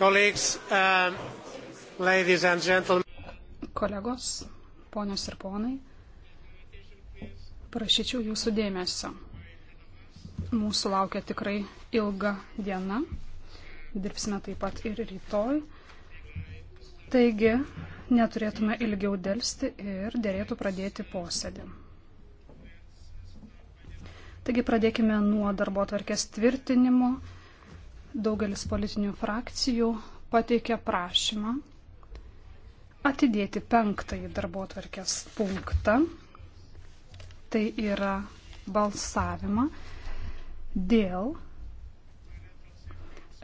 Um, Kolegos, ponios ir ponai, prašyčiau jūsų dėmesio. Mūsų laukia tikrai ilga diena. Dirbsime taip pat ir rytoj. Taigi, neturėtume ilgiau dėlsti ir dėlėtų pradėti posėdį. Taigi, pradėkime nuo darbo tvarkės tvirtinimo daugelis politinių frakcijų pateikė prašymą atidėti penktąjį darbo tvarkės punktą. Tai yra balsavimą dėl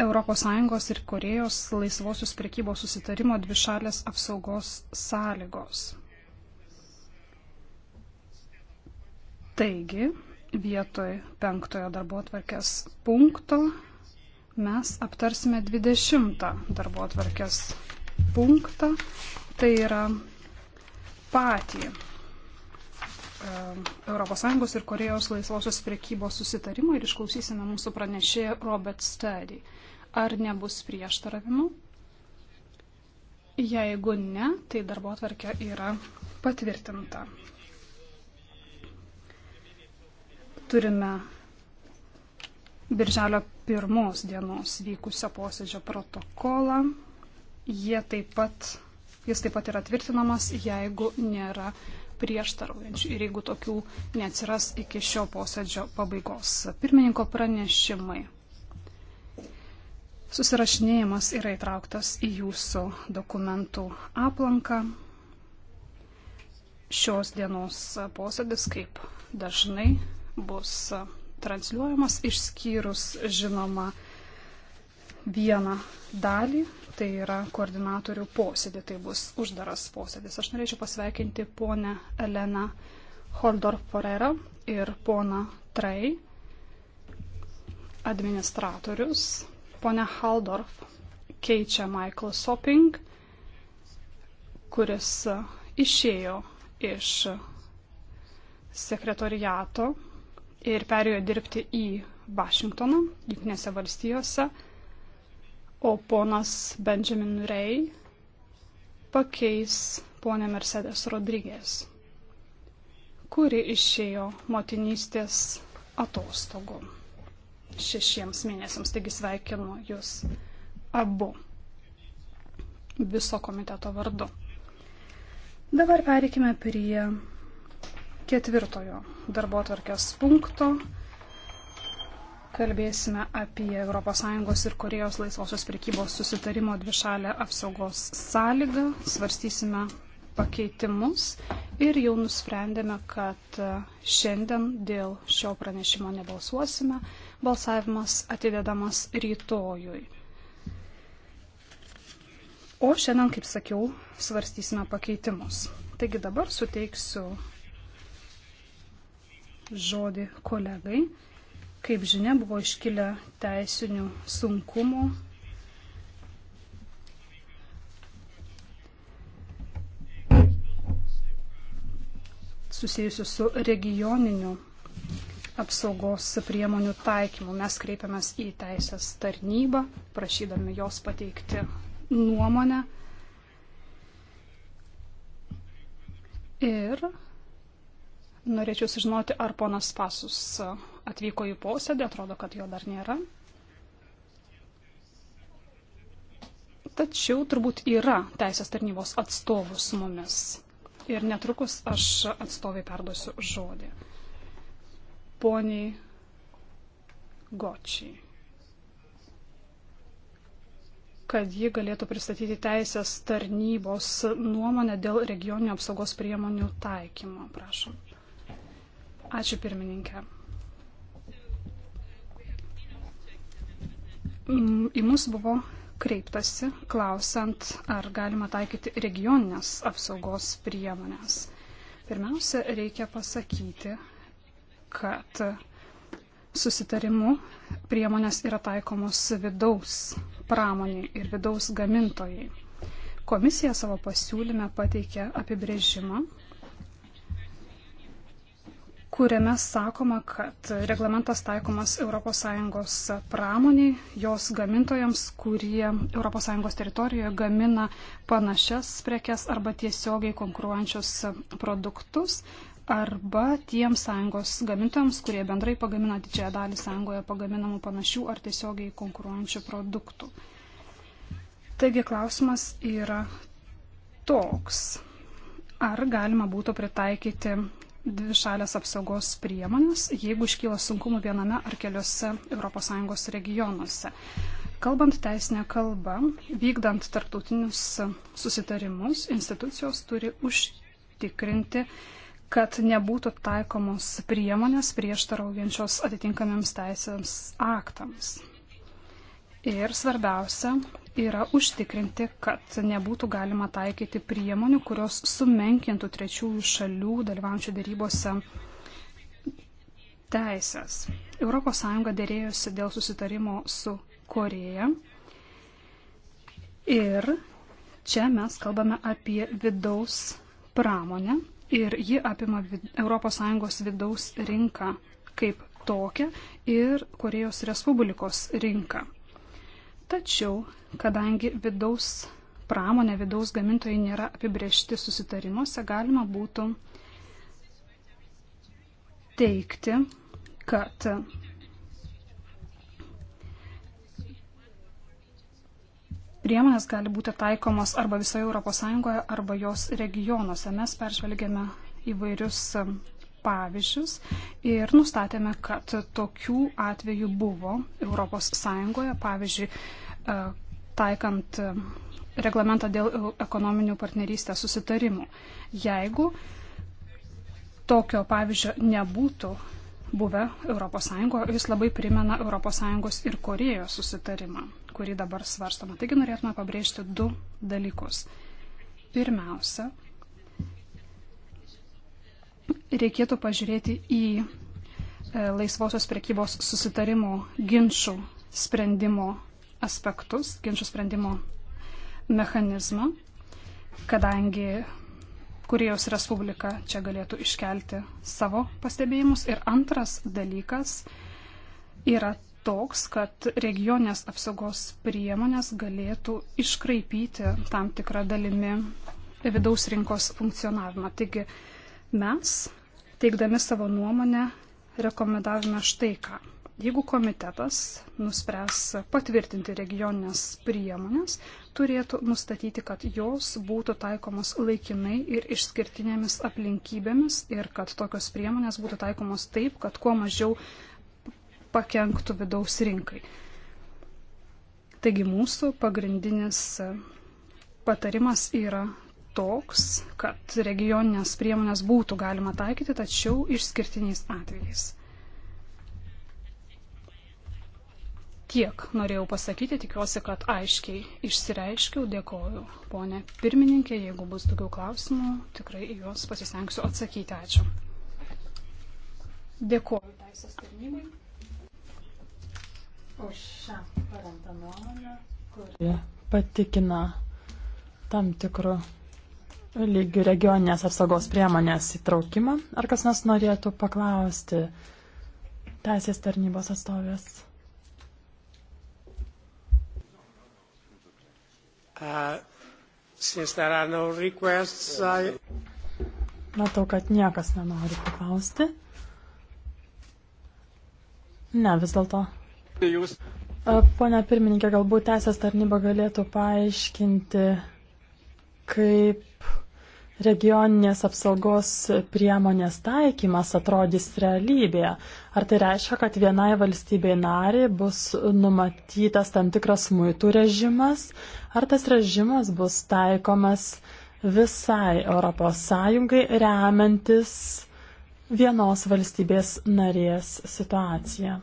ES ir Korejos laisvosios prekybos susitarimo dvišalės apsaugos sąlygos. Taigi, vietoj penktojo darbo atvarkės punkto mes aptarsime 20 darbo atvarkės punktą, tai yra patį e, ES ir Korejos laisvosios priekybos susitarimą ir išklausysime mūsų pranešėją Robert Steady. Ar nebus prieštaravimų? Jeigu ne, tai darbo atvarkė yra patvirtinta. Turime Birželio pirmos dienos vykusio posėdžio protokolą. Jie taip pat, jis taip pat yra tvirtinamas, jeigu nėra prieštaraujančių ir jeigu tokių neatsiras iki šio posėdžio pabaigos. Pirmininko pranešimai. Susirašinėjimas yra įtrauktas į jūsų dokumentų aplanką. Šios dienos posėdis, kaip dažnai, bus transliuojamas, išskyrus žinoma vieną dalį, tai yra koordinatorių posėdį, tai bus uždaras posėdis. Aš norėčiau pasveikinti ponę Eleną Holdorf Forerą ir poną Trai, administratorius. Pone Haldorf keičia Michael Sopping, kuris išėjo iš sekretoriato ir perėjo dirbti į Vašingtoną, Junktinėse valstijose, o ponas Benjamin Rey pakeis ponę Mercedes Rodrygės, kuri išėjo motinystės atostogų šešiems mėnesiams, taigi sveikinu jūs abu viso komiteto vardu. Dabar pereikime prie ketvirtojo darbo atvarkės punkto. Kalbėsime apie ES ir Korejos laisvosios prekybos susitarimo dvišalę apsaugos sąlygą, svarstysime pakeitimus ir jau nusprendėme, kad šiandien dėl šio pranešimo nebalsuosime, balsavimas atidedamas rytojui. O šiandien, kaip sakiau, svarstysime pakeitimus. Taigi dabar suteiksiu žodį kolegai. Kaip žinia, buvo iškilę teisinių sunkumų. susijusiu su regioniniu apsaugos priemonių taikymu. Mes kreipiamės į teisės tarnybą, prašydami jos pateikti nuomonę. Ir Norėčiau sužinoti, ar ponas Pasus atvyko į posėdį, atrodo, kad jo dar nėra. Tačiau turbūt yra teisės tarnybos atstovų su mumis. Ir netrukus aš atstovai perduosiu žodį. Poniai Gočiai. Kad ji galėtų pristatyti teisės tarnybos nuomonę dėl regioninio apsaugos priemonių taikymo. Prašom. Ačiū pirmininkė. Mm, į mus buvo kreiptasi, klausant, ar galima taikyti regioninės apsaugos priemonės. Pirmiausia, reikia pasakyti, kad susitarimu priemonės yra taikomos vidaus pramoniai ir vidaus gamintojai. Komisija savo pasiūlyme pateikė apibrėžimą, kuriame sakoma, kad reglamentas taikomas ES pramoniai, jos gamintojams, kurie ES teritorijoje gamina panašias prekes arba tiesiogiai konkuruojančius produktus, arba tiems sąjungos gamintojams, kurie bendrai pagamina didžiąją dalį sąjungoje pagaminamų panašių ar tiesiogiai konkuruojančių produktų. Taigi klausimas yra toks. Ar galima būtų pritaikyti dvi šalės apsaugos priemonės, jeigu iškyla sunkumų viename ar keliose ES regionuose. Kalbant teisinę kalbą, vykdant tarptautinius susitarimus, institucijos turi užtikrinti, kad nebūtų taikomos priemonės prieštaraujančios atitinkamiems teisėms aktams. Ir svarbiausia, yra užtikrinti, kad nebūtų galima taikyti priemonių, kurios sumenkintų trečiųjų šalių dalyvaujančių dėrybose teisės. ES dėrėjosi dėl susitarimo su Koreja ir čia mes kalbame apie vidaus pramonę ir ji apima ES vidaus rinką kaip tokią ir Korejos Respublikos rinką. Tačiau, kadangi vidaus pramonė, vidaus gamintojai nėra apibriešti susitarimuose, galima būtų teikti, kad priemonės gali būti taikomos arba visoje ES, arba jos regionuose. Mes peržvelgėme įvairius pavyzdžius ir nustatėme, kad tokių atvejų buvo ES, pavyzdžiui, e, taikant e, reglamentą dėl ekonominių partnerystės susitarimų. Jeigu tokio pavyzdžio nebūtų buvę ES, jis labai primena ES ir Korejos susitarimą, kurį dabar svarstama. Taigi norėtume pabrėžti du dalykus. Pirmiausia, reikėtų pažiūrėti į e, laisvosios prekybos susitarimo ginčių sprendimo aspektus, ginčių sprendimo mechanizmą, kadangi Korejos Respublika čia galėtų iškelti savo pastebėjimus. Ir antras dalykas yra toks, kad regionės apsaugos priemonės galėtų iškraipyti tam tikrą dalimi vidaus rinkos funkcionavimą. Taigi Mes, teikdami savo nuomonę, rekomendavome štai ką. Jeigu komitetas nuspręs patvirtinti regioninės priemonės, turėtų nustatyti, kad jos būtų taikomos laikinai ir išskirtinėmis aplinkybėmis ir kad tokios priemonės būtų taikomos taip, kad kuo mažiau pakenktų vidaus rinkai. Taigi mūsų pagrindinis patarimas yra toks, kad regioninės priemonės būtų galima taikyti, tačiau išskirtiniais atvejais. Tiek norėjau pasakyti, tikiuosi, kad aiškiai išsireiškiau, dėkoju. Pone pirmininkė, jeigu bus daugiau klausimų, tikrai juos pasisengsiu atsakyti. Ačiū. Dėkoju Teisės tarnybai už šią paremtą nuomonę, kuri patikina tam tikru lygių regioninės apsaugos priemonės įtraukimą. Ar kas nors norėtų paklausti teisės tarnybos atstovės? Uh, no requests, I... Matau, kad niekas nenori paklausti. Ne, vis dėlto. Jūs... Uh, Pone pirmininkė, galbūt teisės tarnyba galėtų paaiškinti kaip regioninės apsaugos priemonės taikymas atrodys realybėje. Ar tai reiškia, kad vienai valstybei nariai bus numatytas tam tikras muitų režimas, ar tas režimas bus taikomas visai ES remiantis vienos valstybės narės situaciją?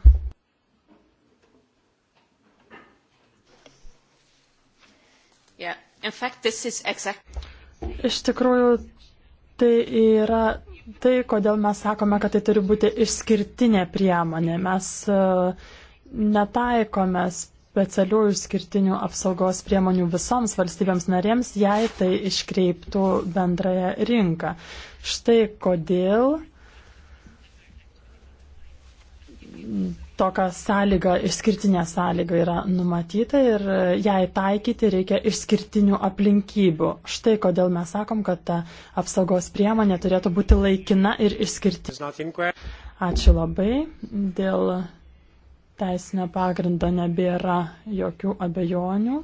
Yeah fact, exact... Iš tikrųjų, tai yra tai, kodėl mes sakome, kad tai turi būti išskirtinė priemonė. Mes e, netaikome specialiųjų skirtinių apsaugos priemonių visoms valstybėms narėms, jei tai iškreiptų bendrąją rinką. Štai kodėl tokia sąlyga, išskirtinė sąlyga yra numatyta ir jai taikyti reikia išskirtinių aplinkybių. Štai kodėl mes sakom, kad ta apsaugos priemonė turėtų būti laikina ir išskirtinė. Ačiū labai. Dėl teisinio pagrindo nebėra jokių abejonių.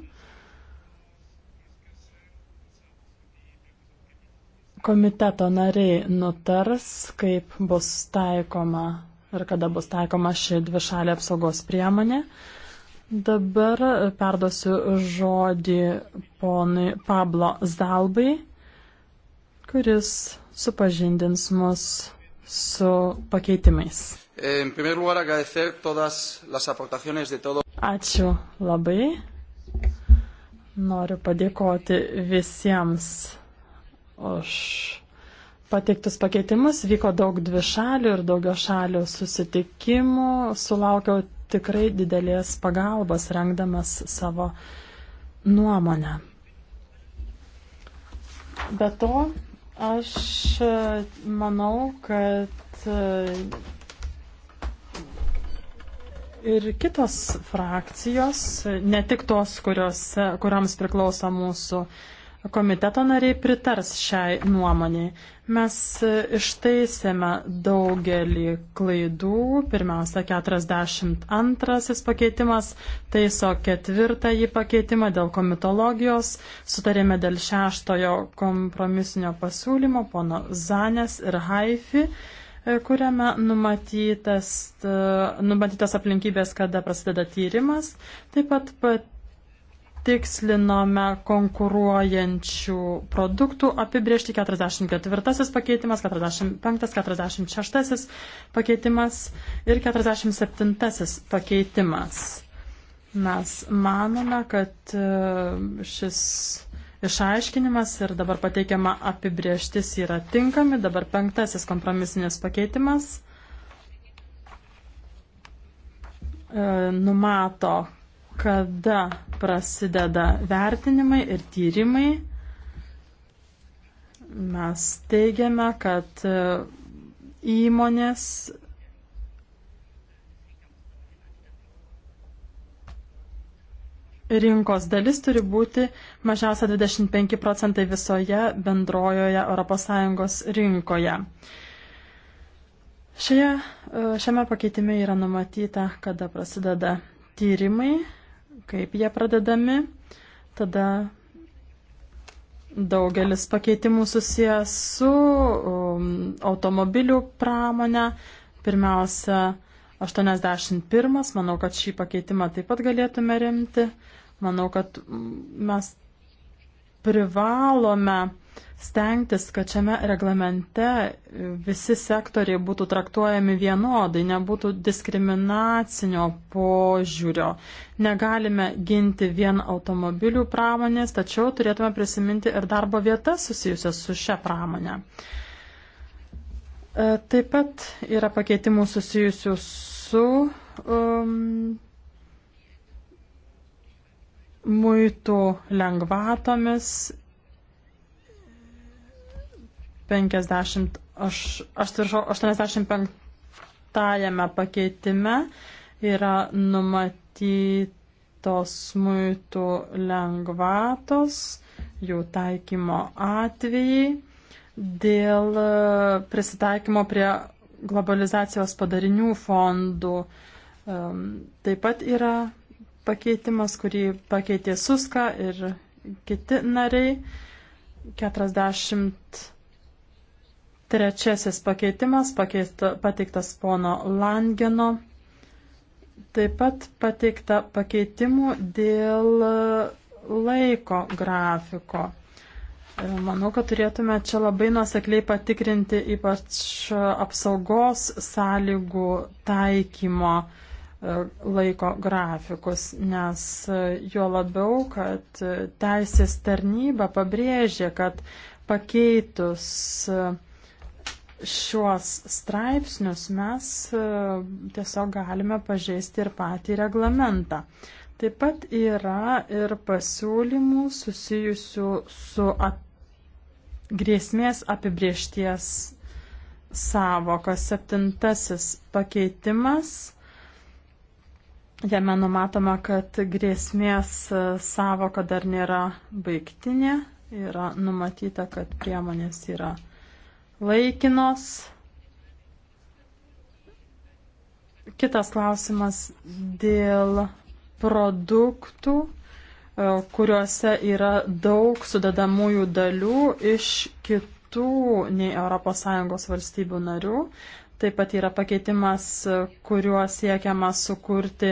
Komiteto nariai nutars, kaip bus taikoma ir kada bus taikoma ši dvišalė apsaugos priemonė. Dabar perduosiu žodį ponui Pablo Zalbai, kuris supažindins mus su pakeitimais. Ačiū labai. Noriu padėkoti visiems už pateiktus pakeitimus, vyko daug dvišalių ir daugio šalių susitikimų, sulaukiau tikrai didelės pagalbos rengdamas savo nuomonę. Be to, aš e, manau, kad e, ir kitos frakcijos, ne tik tos, kurios, kuriams priklauso mūsų uh, komiteto nariai pritars šiai nuomonėje. Mes ištaisėme daugelį klaidų. Pirmiausia, 42 pakeitimas taiso ketvirtąjį pakeitimą dėl komitologijos. Sutarėme dėl šeštojo kompromisinio pasiūlymo pono Zanės ir Haifi e, kuriame numatytas, e, numatytas aplinkybės, kada prasideda tyrimas. Taip pat pat tikslinome konkuruojančių produktų apibriežti 44 pakeitimas, 45, 46 pakeitimas ir 47 pakeitimas. Mes manome, kad e, šis išaiškinimas ir dabar pateikiama apibrieštis yra tinkami. Dabar penktasis kompromisinės pakeitimas e, numato, kada prasideda vertinimai ir tyrimai. Mes teigiame, kad e, įmonės rinkos dalis turi būti mažiausia 25 procentai visoje bendrojoje ES rinkoje. Šioje, e, šiame pakeitime yra numatyta, kada prasideda tyrimai kaip jie pradedami. Tada daugelis pakeitimų susijęs su um, automobilių pramonė. Pirmiausia, 81. Manau, kad šį pakeitimą taip pat galėtume remti. Manau, kad mm, mes privalome stengtis, kad šiame reglamente visi sektoriai būtų traktuojami vienodai, nebūtų diskriminacinio požiūrio. Negalime ginti vien automobilių pramonės, tačiau turėtume prisiminti ir darbo vietas susijusias su šia pramonė. E, taip pat yra pakeitimų susijusių su um, muitų lengvatomis 50, aš, aš tviršau, 85 pakeitime yra numatytos muitų lengvatos, jų taikymo atvejai dėl e, prisitaikymo prie globalizacijos padarinių fondų. Taip pat yra pakeitimas, kurį pakeitė Suska ir kiti nariai. 43 pakeitimas pakeista, pateiktas pono Langeno. Taip pat pateikta pakeitimų dėl laiko grafiko. Manau, kad turėtume čia labai nusekliai patikrinti ypač apsaugos sąlygų taikymo uh, laiko grafikus, nes e, jo labiau, kad e, teisės tarnyba pabrėžė, kad pakeitus e, šiuos straipsnius mes tiesiog galime pažeisti ir patį reglamentą. Taip pat yra ir pasiūlymų susijusių su at... grėsmės apibriešties savoka. Septintasis pakeitimas Jame numatoma, kad grėsmės e, savoka dar nėra baigtinė, yra numatyta, kad priemonės yra laikinos. Kitas klausimas dėl produktų, e, kuriuose yra daug sudedamųjų dalių iš kitų nei ES valstybių narių. Taip pat yra pakeitimas, kuriuo siekiama sukurti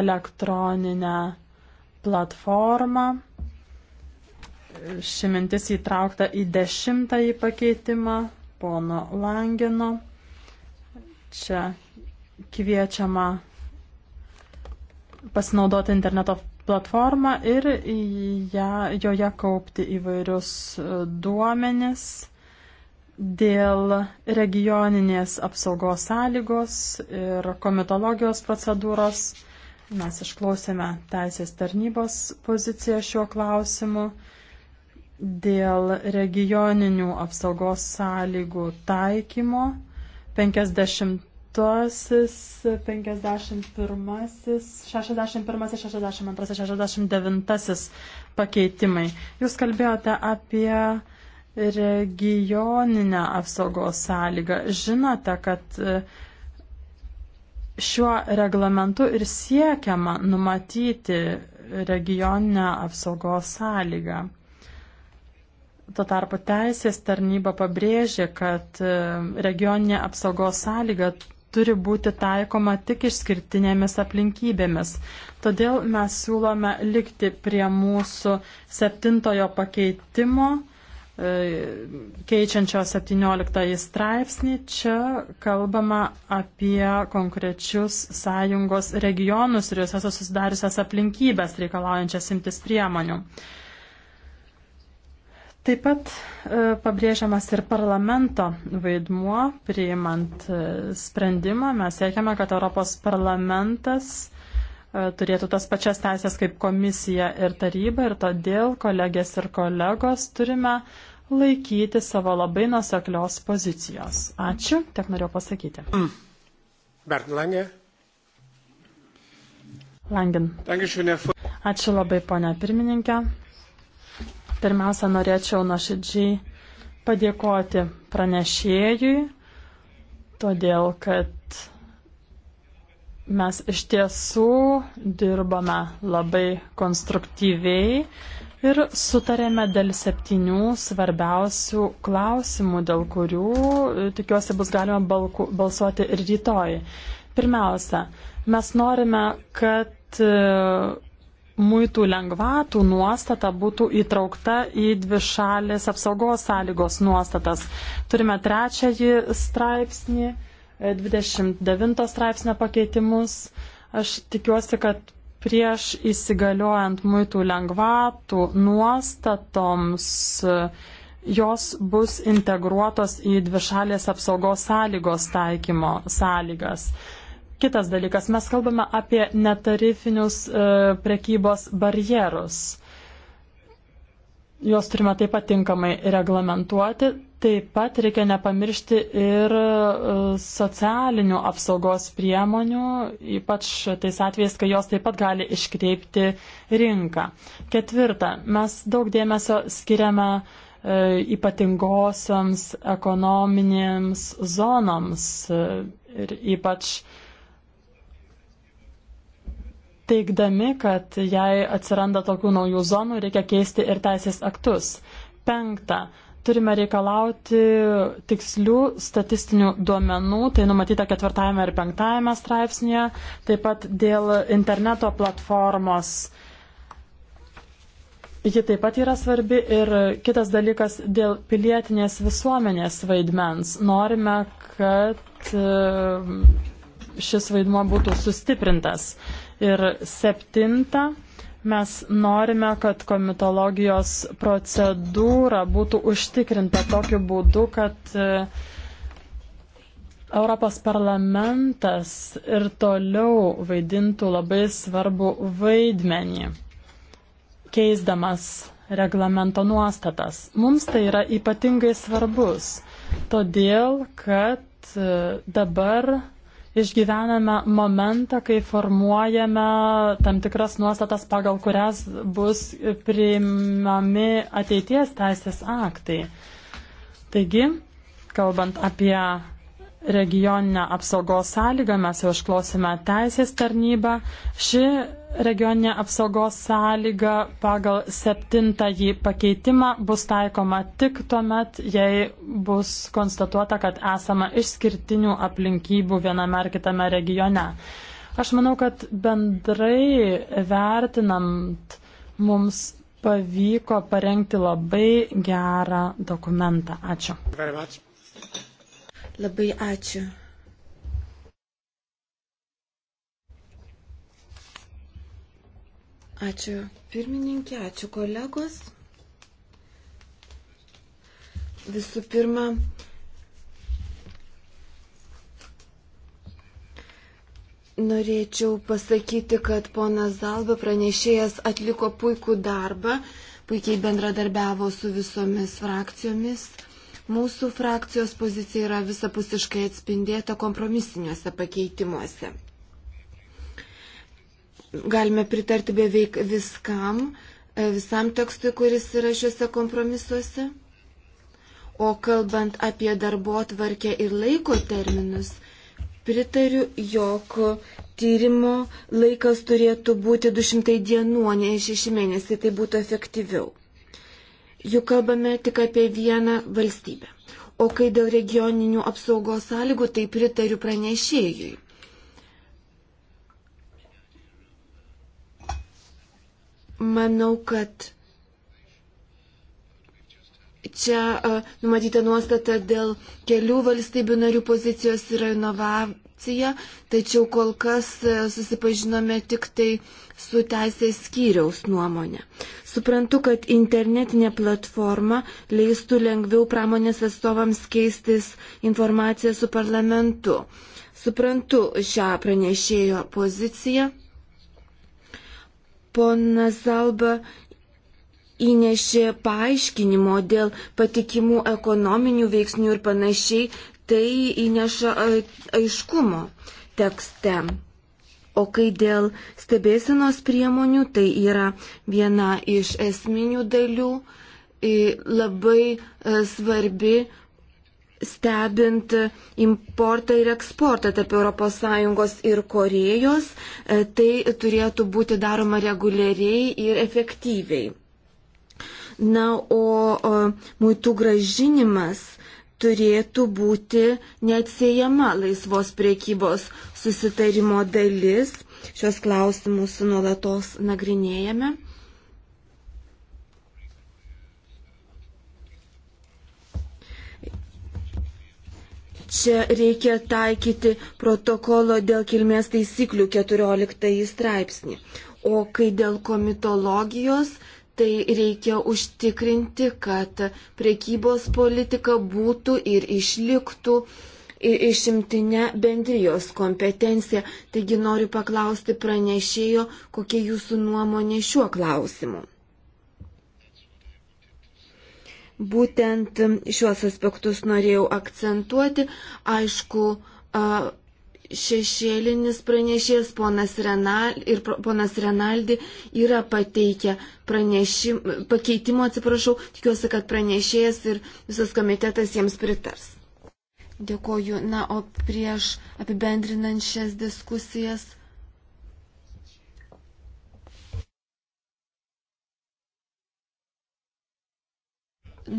elektroninę platformą. Ši mintis įtraukta į dešimtąjį pakeitimą pono Langino. Čia kviečiama pasinaudoti interneto platformą ir ją, joje kaupti įvairius duomenis dėl regioninės apsaugos sąlygos ir komitologijos procedūros. Mes išklausėme teisės tarnybos poziciją šiuo klausimu. Dėl regioninių apsaugos sąlygų taikymo 50 51, 61, 62, 69 pakeitimai. Jūs kalbėjote apie regioninę apsaugos sąlygą. Žinote, kad e, šiuo reglamentu ir siekiama numatyti regioninę apsaugos sąlygą. Tuo tarpu teisės tarnyba pabrėžė, kad e, regioninė apsaugos sąlyga turi būti taikoma tik išskirtinėmis aplinkybėmis. Todėl mes siūlome likti prie mūsų septintojo pakeitimo E, keičiančio 17 straipsnį, čia kalbama apie konkrečius sąjungos regionus ir jose susidariusias aplinkybės reikalaujančias imtis priemonių. Taip pat e, pabrėžiamas ir parlamento vaidmuo priimant e, sprendimą. Mes siekiame, kad Europos parlamentas E, turėtų tas pačias teisės kaip komisija ir taryba ir todėl kolegės ir kolegos turime laikyti savo labai nuseklios pozicijos. Ačiū, tiek norėjau pasakyti. Mm. Bert Lange. Langin. Ačiū labai, ponia pirmininkė. Pirmiausia, norėčiau nuoširdžiai padėkoti pranešėjui, todėl kad Mes iš tiesų dirbame labai konstruktyviai ir sutarėme dėl septynių svarbiausių klausimų, dėl kurių e, tikiuosi bus galima balku, balsuoti ir rytoj. Pirmiausia, mes norime, kad e, muitų lengvatų nuostata būtų įtraukta į dvišalės apsaugos sąlygos nuostatas. Turime trečiąjį straipsnį 29 straipsnio pakeitimus. Aš tikiuosi, kad prieš įsigaliojant muitų lengvatų nuostatoms jos bus integruotos į dvišalės apsaugos sąlygos taikymo sąlygas. Kitas dalykas, mes kalbame apie netarifinius e, prekybos barjerus. Juos turime taip pat tinkamai reglamentuoti, Taip pat reikia nepamiršti ir e, socialinių apsaugos priemonių, ypač tais atvejais, kai jos taip pat gali iškreipti rinką. Ketvirta, mes daug dėmesio skiriame e, ypatingosiams ekonominėms zonoms e, ir ypač teikdami, kad jei atsiranda tokių naujų zonų, reikia keisti ir teisės aktus. Penkta, turime reikalauti tikslių statistinių duomenų, tai numatyta ketvirtajame ir penktajame straipsnėje, taip pat dėl interneto platformos. Ji taip pat yra svarbi ir kitas dalykas dėl pilietinės visuomenės vaidmens. Norime, kad e, šis vaidmuo būtų sustiprintas. Ir septinta Mes norime, kad komitologijos procedūra būtų užtikrinta tokiu būdu, kad e, Europos parlamentas ir toliau vaidintų labai svarbu vaidmenį, keisdamas reglamento nuostatas. Mums tai yra ypatingai svarbus, todėl kad e, dabar išgyvename momentą, kai formuojame tam tikras nuostatas, pagal kurias bus priimami ateities teisės aktai. Taigi, kalbant apie regioninę apsaugos sąlygą, mes jau išklausime teisės tarnybą. Ši regioninė apsaugos sąlyga pagal septintąjį pakeitimą bus taikoma tik tuomet, jei bus konstatuota, kad esama išskirtinių aplinkybių viename ar kitame regione. Aš manau, kad bendrai vertinant mums pavyko parengti labai gerą dokumentą. Ačiū. Labai ačiū. Ačiū pirmininkė, ačiū kolegos. Visų pirma, norėčiau pasakyti, kad ponas Zalba pranešėjas atliko puikų darbą, puikiai bendradarbiavo su visomis frakcijomis. Mūsų frakcijos pozicija yra visapusiškai atspindėta kompromisiniuose pakeitimuose galime pritarti beveik viskam, e, visam tekstui, kuris yra šiuose kompromisuose. O kalbant apie darbo tvarkę ir laiko terminus, pritariu, jog tyrimo laikas turėtų būti 200 dienų, o ne 6 mėnesiai, tai būtų efektyviau. Juk kalbame tik apie vieną valstybę. O kai dėl regioninių apsaugos sąlygų, tai pritariu pranešėjui. Manau, kad čia numatyta nuostata dėl kelių valstybių narių pozicijos yra inovacija, tačiau kol kas susipažinome tik tai su teisės skyriaus nuomonė. Suprantu, kad internetinė platforma leistų lengviau pramonės atstovams keistis informaciją su parlamentu. Suprantu šią pranešėjo poziciją ponas Zalba įnešė paaiškinimo dėl patikimų ekonominių veiksnių ir panašiai, tai įneša aiškumo tekste. O kai dėl stebėsinos priemonių, tai yra viena iš esminių dalių, labai svarbi stebint importą ir eksportą tarp ES ir Korejos, e, tai turėtų būti daroma reguliariai ir efektyviai. Na, o muitų gražinimas turėtų būti neatsiejama laisvos priekybos susitarimo dalis. Šios klausimus nuolatos nagrinėjame. Čia reikia taikyti protokolo dėl kilmės taisyklių 14 straipsnį. O kai dėl komitologijos, tai reikia užtikrinti, kad prekybos politika būtų ir išliktų išimtinę bendrijos kompetenciją. Taigi noriu paklausti pranešėjo, kokia jūsų nuomonė šiuo klausimu. Būtent šiuos aspektus norėjau akcentuoti. Aišku, šešėlinis pranešėjas ponas Renal, ir ponas Renaldi yra pateikę pranešim, pakeitimo, atsiprašau, tikiuosi, kad pranešėjas ir visas komitetas jiems pritars. Dėkoju. Na, o prieš apibendrinant šias diskusijas.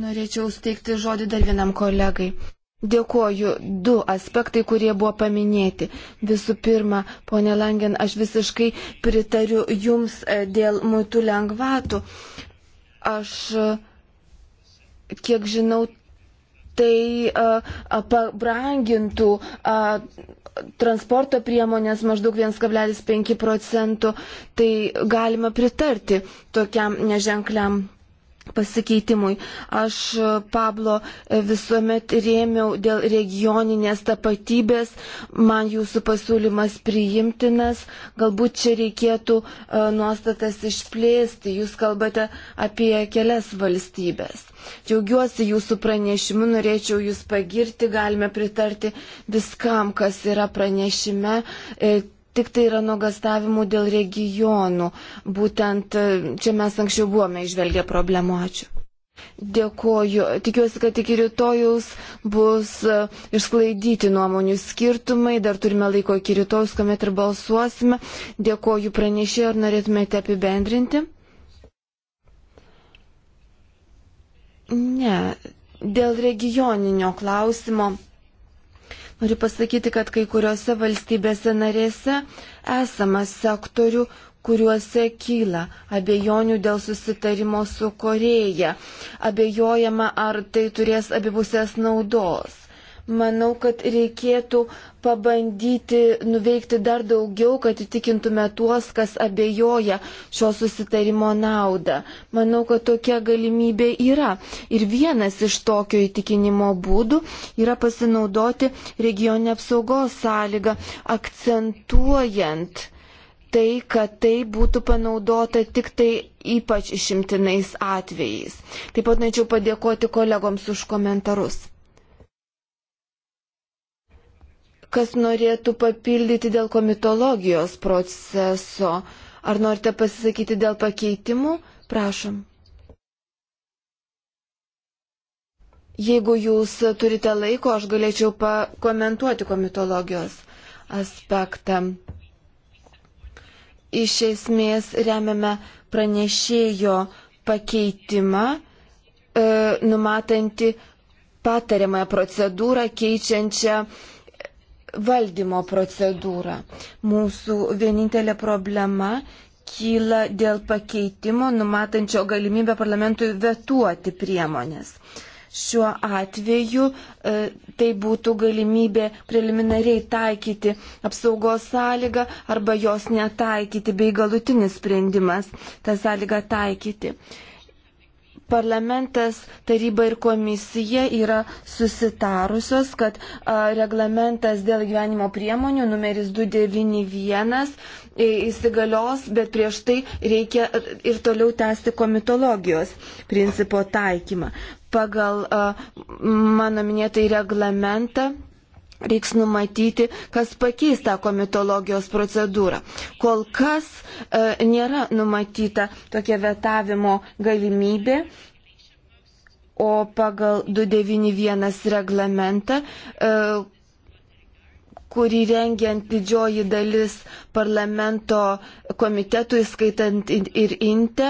Norėčiau steigti žodį dar vienam kolegai. Dėkuoju. Du aspektai, kurie buvo paminėti. Visų pirma, ponė Langen, aš visiškai pritariu Jums e, dėl muitų lengvatų. Aš, e, kiek žinau, tai uh, pabrangintų uh, transporto priemonės maždaug 1,5 procentų. Tai galima pritarti tokiam neženkliam pasikeitimui. Aš Pablo visuomet rėmiau dėl regioninės tapatybės, man jūsų pasiūlymas priimtinas, galbūt čia reikėtų e, nuostatas išplėsti, jūs kalbate apie kelias valstybės. Džiaugiuosi jūsų pranešimu, norėčiau jūs pagirti, galime pritarti viskam, kas yra pranešime. E, tik tai yra nuogastavimų dėl regionų. Būtent e, čia mes anksčiau buvome išvelgę problemų. Ačiū. Dėkoju. Tikiuosi, kad iki rytojaus bus e, išsklaidyti nuomonių skirtumai. Dar turime laiko iki rytojus, kuomet ir balsuosime. Dėkoju pranešėjai, ar norėtumėte apibendrinti? Ne. Dėl regioninio klausimo. Noriu pasakyti, kad kai kuriuose valstybėse narėse esama sektorių, kuriuose kyla abejonių dėl susitarimo su Koreja. Abejojama, ar tai turės abipusės naudos manau, kad reikėtų pabandyti nuveikti dar daugiau, kad įtikintume tuos, kas abejoja šio susitarimo naudą. Manau, kad tokia galimybė yra. Ir vienas iš tokio įtikinimo būdų yra pasinaudoti regioninę apsaugos sąlygą, akcentuojant tai, kad tai būtų panaudota tik tai ypač išimtinais atvejais. Taip pat norėčiau padėkoti kolegoms už komentarus. kas norėtų papildyti dėl komitologijos proceso. Ar norite pasisakyti dėl pakeitimų? Prašom. Jeigu jūs turite laiko, aš galėčiau pakomentuoti komitologijos aspektą. Iš esmės remiame pranešėjo pakeitimą, e, numatantį patariamąją procedūrą keičiančią e, valdymo procedūrą. Mūsų vienintelė problema kyla dėl pakeitimo numatančio galimybę parlamentui vetuoti priemonės. Šiuo atveju e, tai būtų galimybė preliminariai taikyti apsaugos sąlygą arba jos netaikyti bei galutinis sprendimas tą sąlygą taikyti. E, parlamentas, taryba ir komisija yra susitarusios, kad reglamentas dėl gyvenimo priemonių numeris 291 e, įsigalios, bet prieš tai reikia e, ir toliau tęsti komitologijos principo taikymą. Pagal mano minėtai reglamentą reiks numatyti, kas pakeis tą komitologijos procedūrą. Kol kas e, nėra numatyta tokia vetavimo galimybė, o pagal 291 reglamentą e, kurį rengiant didžioji dalis parlamento komitetų, įskaitant ir Inte,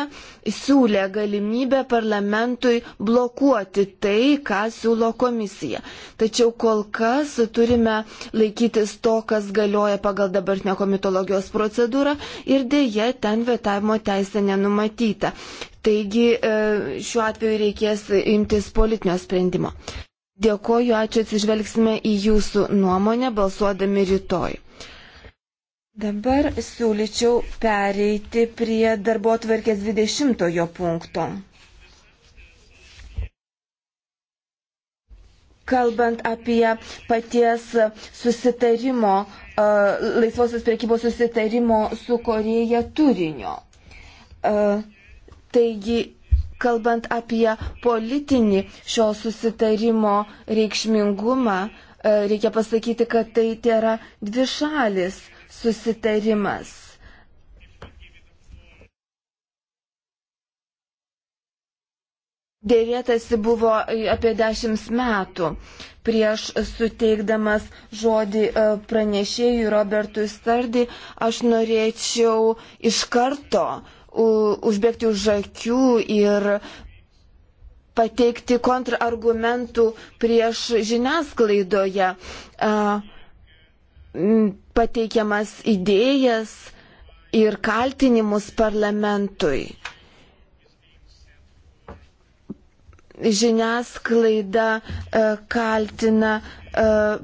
siūlė galimybę parlamentui blokuoti tai, ką siūlo komisija. Tačiau kol kas turime laikytis to, kas galioja pagal dabartinę komitologijos procedūrą ir dėje ten vetavimo teisė nenumatyta. Taigi e, šiuo atveju reikės imtis politinio sprendimo. Dėkoju, ačiū atsižvelgsime į jūsų nuomonę balsuodami rytoj. Dabar siūlyčiau pereiti prie darbo atverkės 20 punkto. kalbant apie paties susitarimo, e, laisvosios priekybos susitarimo su Koreja turinio. E, taigi kalbant apie politinį šio susitarimo reikšmingumą, e, reikia pasakyti, kad tai yra dvi šalis susitarimas. Dėrėtasi buvo apie dešimt metų prieš suteikdamas žodį e, pranešėjui Robertui Stardį, aš norėčiau iš karto uh, užbėgti už akių ir pateikti kontrargumentų prieš žiniasklaidoje pateikiamas idėjas ir kaltinimus parlamentui. žiniasklaida e, kaltina e,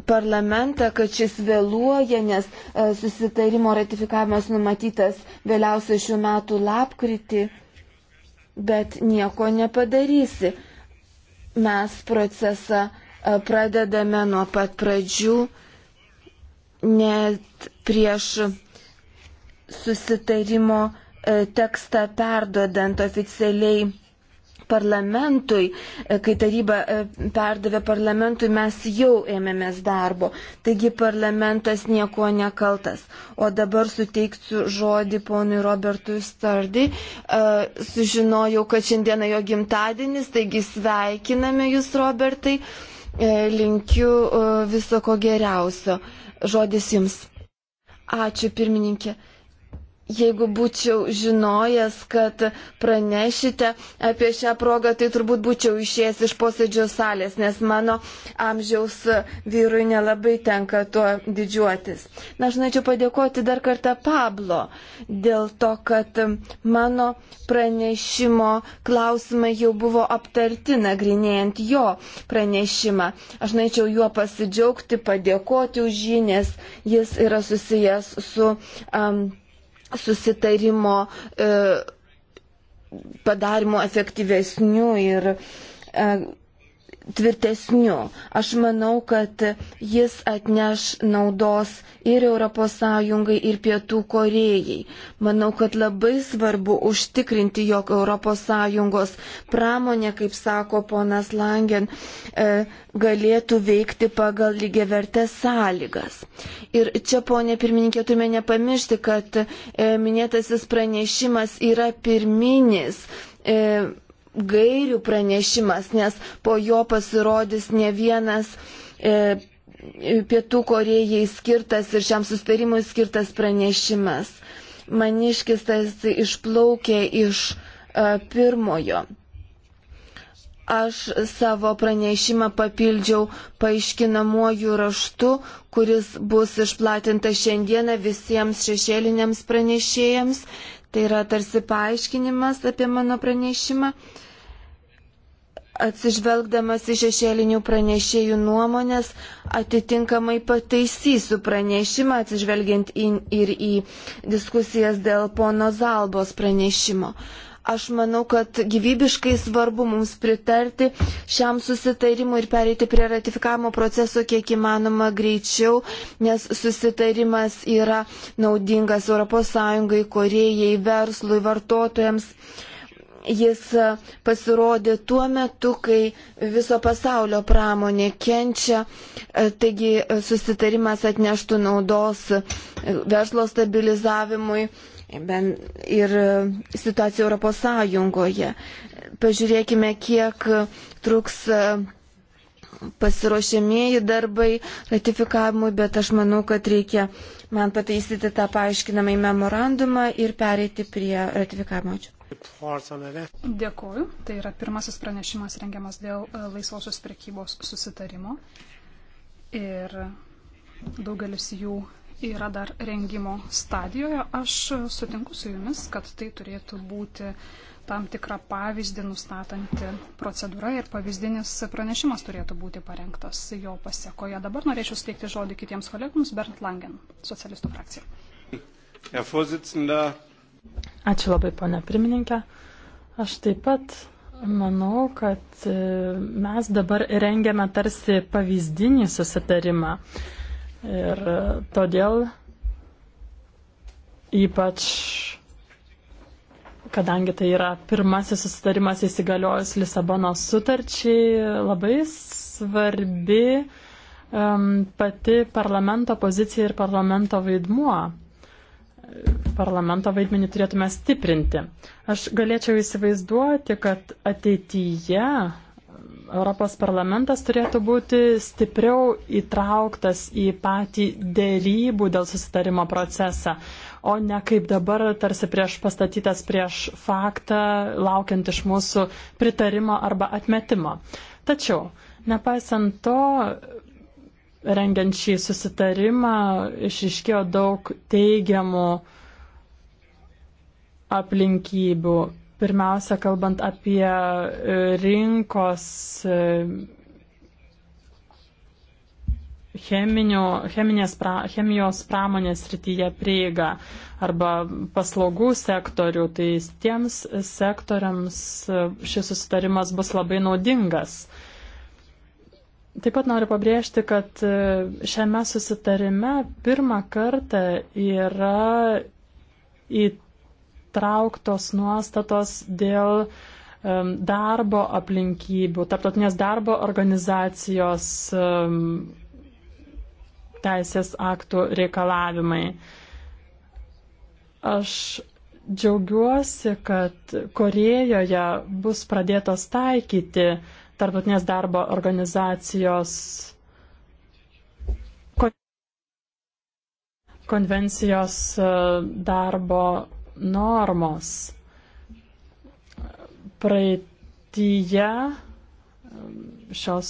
parlamentą, kad šis vėluoja, nes e, susitarimo ratifikavimas numatytas vėliausiai šių metų lapkritį, bet nieko nepadarysi. Mes procesą pradedame nuo pat pradžių, net prieš susitarimo tekstą perdodant oficialiai parlamentui, e, kai taryba e, perdavė parlamentui, mes jau ėmėmės darbo. Taigi parlamentas nieko nekaltas. O dabar suteiksiu žodį ponui Robertui Stardy. E, sužinojau, kad šiandieną jo gimtadienis, taigi sveikiname jūs, Robertai. Linkiu viso ko geriausio. Žodis jums. Ačiū, pirmininkė. Jeigu būčiau žinojęs, kad pranešite apie šią progą, tai turbūt būčiau išėjęs iš posėdžio salės, nes mano amžiaus vyrui nelabai tenka tuo didžiuotis. Na, aš norėčiau padėkoti dar kartą Pablo dėl to, kad mano pranešimo klausimai jau buvo aptarti nagrinėjant jo pranešimą. Aš norėčiau juo pasidžiaugti, padėkoti už jį, nes jis yra susijęs su. Um, susitarimo e, padarimo efektyvesnių ir e, tvirtesniu. Aš manau, kad jis atneš naudos ir ES, ir Pietų Korejai. Manau, kad labai svarbu užtikrinti, jog ES pramonė, kaip sako ponas Langen, e, galėtų veikti pagal lygiavertės sąlygas. Ir čia, ponė pirmininkė, turime nepamiršti, kad e, minėtasis pranešimas yra pirminis e, gairių pranešimas, nes po jo pasirodys ne vienas e, Pietų Korejai skirtas ir šiam sustarimui skirtas pranešimas. Maniškis tas išplaukė iš e, pirmojo. Aš savo pranešimą papildžiau paaiškinamuoju raštu, kuris bus išplatintas šiandieną visiems šešėliniams pranešėjams. Tai yra tarsi paaiškinimas apie mano pranešimą. Atsižvelgdamas į šešėlinių pranešėjų nuomonės, atitinkamai pataisysiu pranešimą, atsižvelgiant in, ir į diskusijas dėl pono Zalbos pranešimo. Uh, Aš manau, kad gyvybiškai svarbu mums pritarti šiam susitarimui ir pereiti prie ratifikavimo proceso kiek įmanoma greičiau, nes susitarimas yra naudingas ES, Korejai, verslui, vartotojams jis pasirodė tuo metu, kai viso pasaulio pramonė kenčia, taigi susitarimas atneštų naudos verslo stabilizavimui, ir e, situacija Europos Sąjungoje. Pažiūrėkime, kiek e, truks e, pasiruošėmieji darbai ratifikavimui, bet aš manau, kad reikia man pataisyti tą paaiškinamą į memorandumą ir pereiti prie ratifikavimo. Ačiū. Dėkuoju. Tai yra pirmasis pranešimas rengiamas dėl laisvosios prekybos susitarimo. Ir daugelis jų yra dar rengimo stadijoje. Aš sutinku su jumis, kad tai turėtų būti tam tikrą pavyzdį nustatanti procedūra ir pavyzdinis pranešimas turėtų būti parengtas jo pasiekoje. Dabar norėčiau steigti žodį kitiems kolegams Bernd Langen, socialistų frakcija. Ačiū labai, ponia pirmininkė. Aš taip pat manau, kad e, mes dabar rengiame tarsi pavyzdinį susitarimą. Uh, Ir todėl ypač, kadangi tai yra pirmasis susitarimas įsigaliojus Lisabonos sutarčiai, labai svarbi um, pati parlamento pozicija ir parlamento vaidmuo. Parlamento vaidmenį turėtume stiprinti. Aš galėčiau įsivaizduoti, kad ateityje Europos parlamentas turėtų būti stipriau įtrauktas į patį dėrybų dėl susitarimo procesą, o ne kaip dabar tarsi prieš pastatytas prieš faktą, laukiant iš mūsų pritarimo arba atmetimo. Tačiau, nepaisant to, rengiant šį susitarimą išiškėjo daug teigiamų aplinkybių. Pirmiausia, kalbant apie e, rinkos e, cheminio, cheminės, pra, chemijos pramonės rytyje prieigą arba paslaugų sektorių, tai tiems sektoriams e, šis susitarimas bus labai naudingas. Taip pat noriu pabrėžti, kad šiame susitarime pirmą kartą yra įtraukta įtrauktos nuostatos dėl darbo aplinkybių, tarptautinės darbo organizacijos teisės aktų reikalavimai. Aš džiaugiuosi, kad Korejoje bus pradėtos taikyti tarptautinės darbo organizacijos konvencijos e, darbo normos. Praeityje um, šios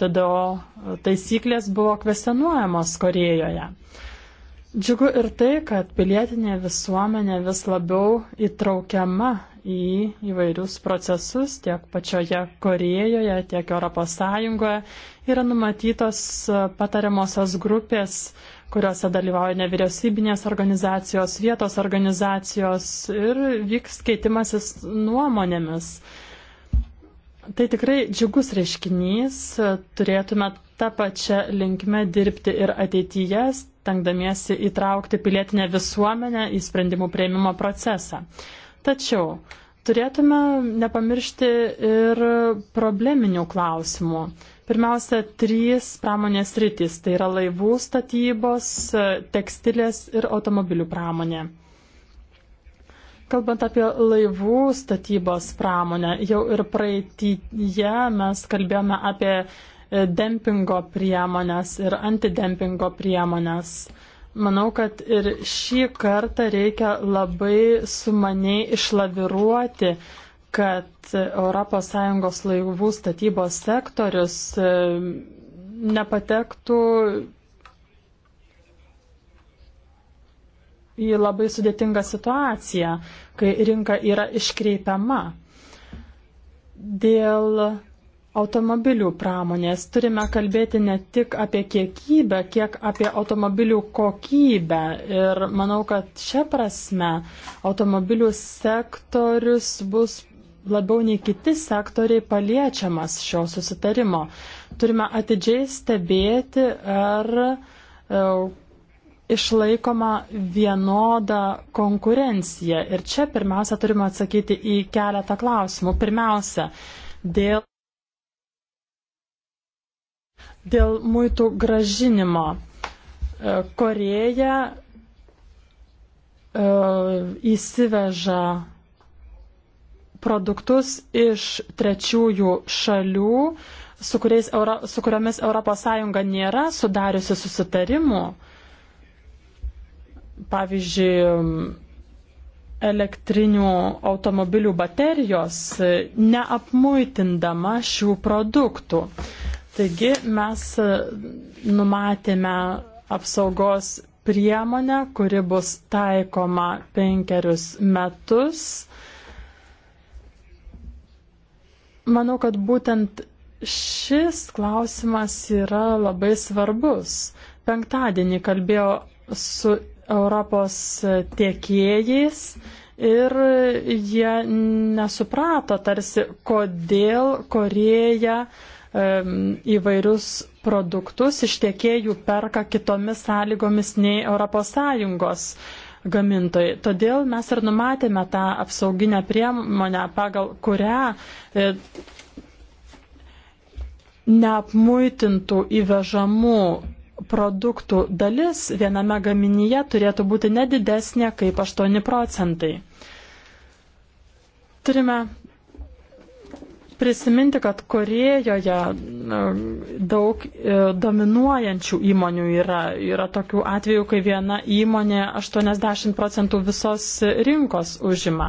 TDO taisyklės buvo kvestionuojamos Korejoje. Džiugu ir tai, kad pilietinė visuomenė vis labiau įtraukiama į įvairius procesus tiek pačioje Korejoje, tiek ES yra numatytos patariamosios grupės kuriuose dalyvauja nevyriausybinės organizacijos, vietos organizacijos ir vyks keitimasis nuomonėmis. Tai tikrai džiugus reiškinys, turėtume tą pačią linkmę dirbti ir ateityje, stengdamiesi įtraukti pilietinę visuomenę į sprendimų prieimimo procesą. Tačiau Turėtume nepamiršti ir probleminių klausimų. Pirmiausia, trys pramonės rytis - tai yra laivų statybos, tekstilės ir automobilių pramonė. Kalbant apie laivų statybos pramonę, jau ir praeitįje mes kalbėjome apie dempingo priemonės ir antidempingo priemonės. Manau, kad ir šį kartą reikia labai sumaniai išlaviruoti, kad ES laivų statybos sektorius e, nepatektų į labai sudėtingą situaciją, kai rinka yra iškreipiama. Dėl automobilių pramonės. Turime kalbėti ne tik apie kiekybę, kiek apie automobilių kokybę. Ir manau, kad šią prasme automobilių sektorius bus labiau nei kiti sektoriai paliečiamas šio susitarimo. Turime atidžiai stebėti, ar e, išlaikoma vienoda konkurencija. Ir čia pirmiausia turime atsakyti į keletą klausimų. Pirmiausia, dėl Dėl muitų gražinimo e, Koreja e, įsiveža produktus iš trečiųjų šalių, su, kuriais, su kuriomis ES nėra sudariusi susitarimų. Pavyzdžiui, elektrinių automobilių baterijos, e, neapmuitindama šių produktų. Taigi mes e, numatėme apsaugos priemonę, kuri bus taikoma penkerius metus. Manau, kad būtent šis klausimas yra labai svarbus. Penktadienį kalbėjau su Europos tiekėjais ir jie nesuprato tarsi, kodėl Koreja uh, įvairius produktus iš tiekėjų perka kitomis sąlygomis nei ES gamintojai. Todėl mes ir numatėme tą apsauginę priemonę, pagal kurią e, neapmuitintų įvežamų produktų dalis viename gaminyje turėtų būti nedidesnė kaip 8 procentai. Turime prisiminti, kad Korejoje daug e, dominuojančių įmonių yra. Yra tokių atvejų, kai viena įmonė 80 procentų visos rinkos užima.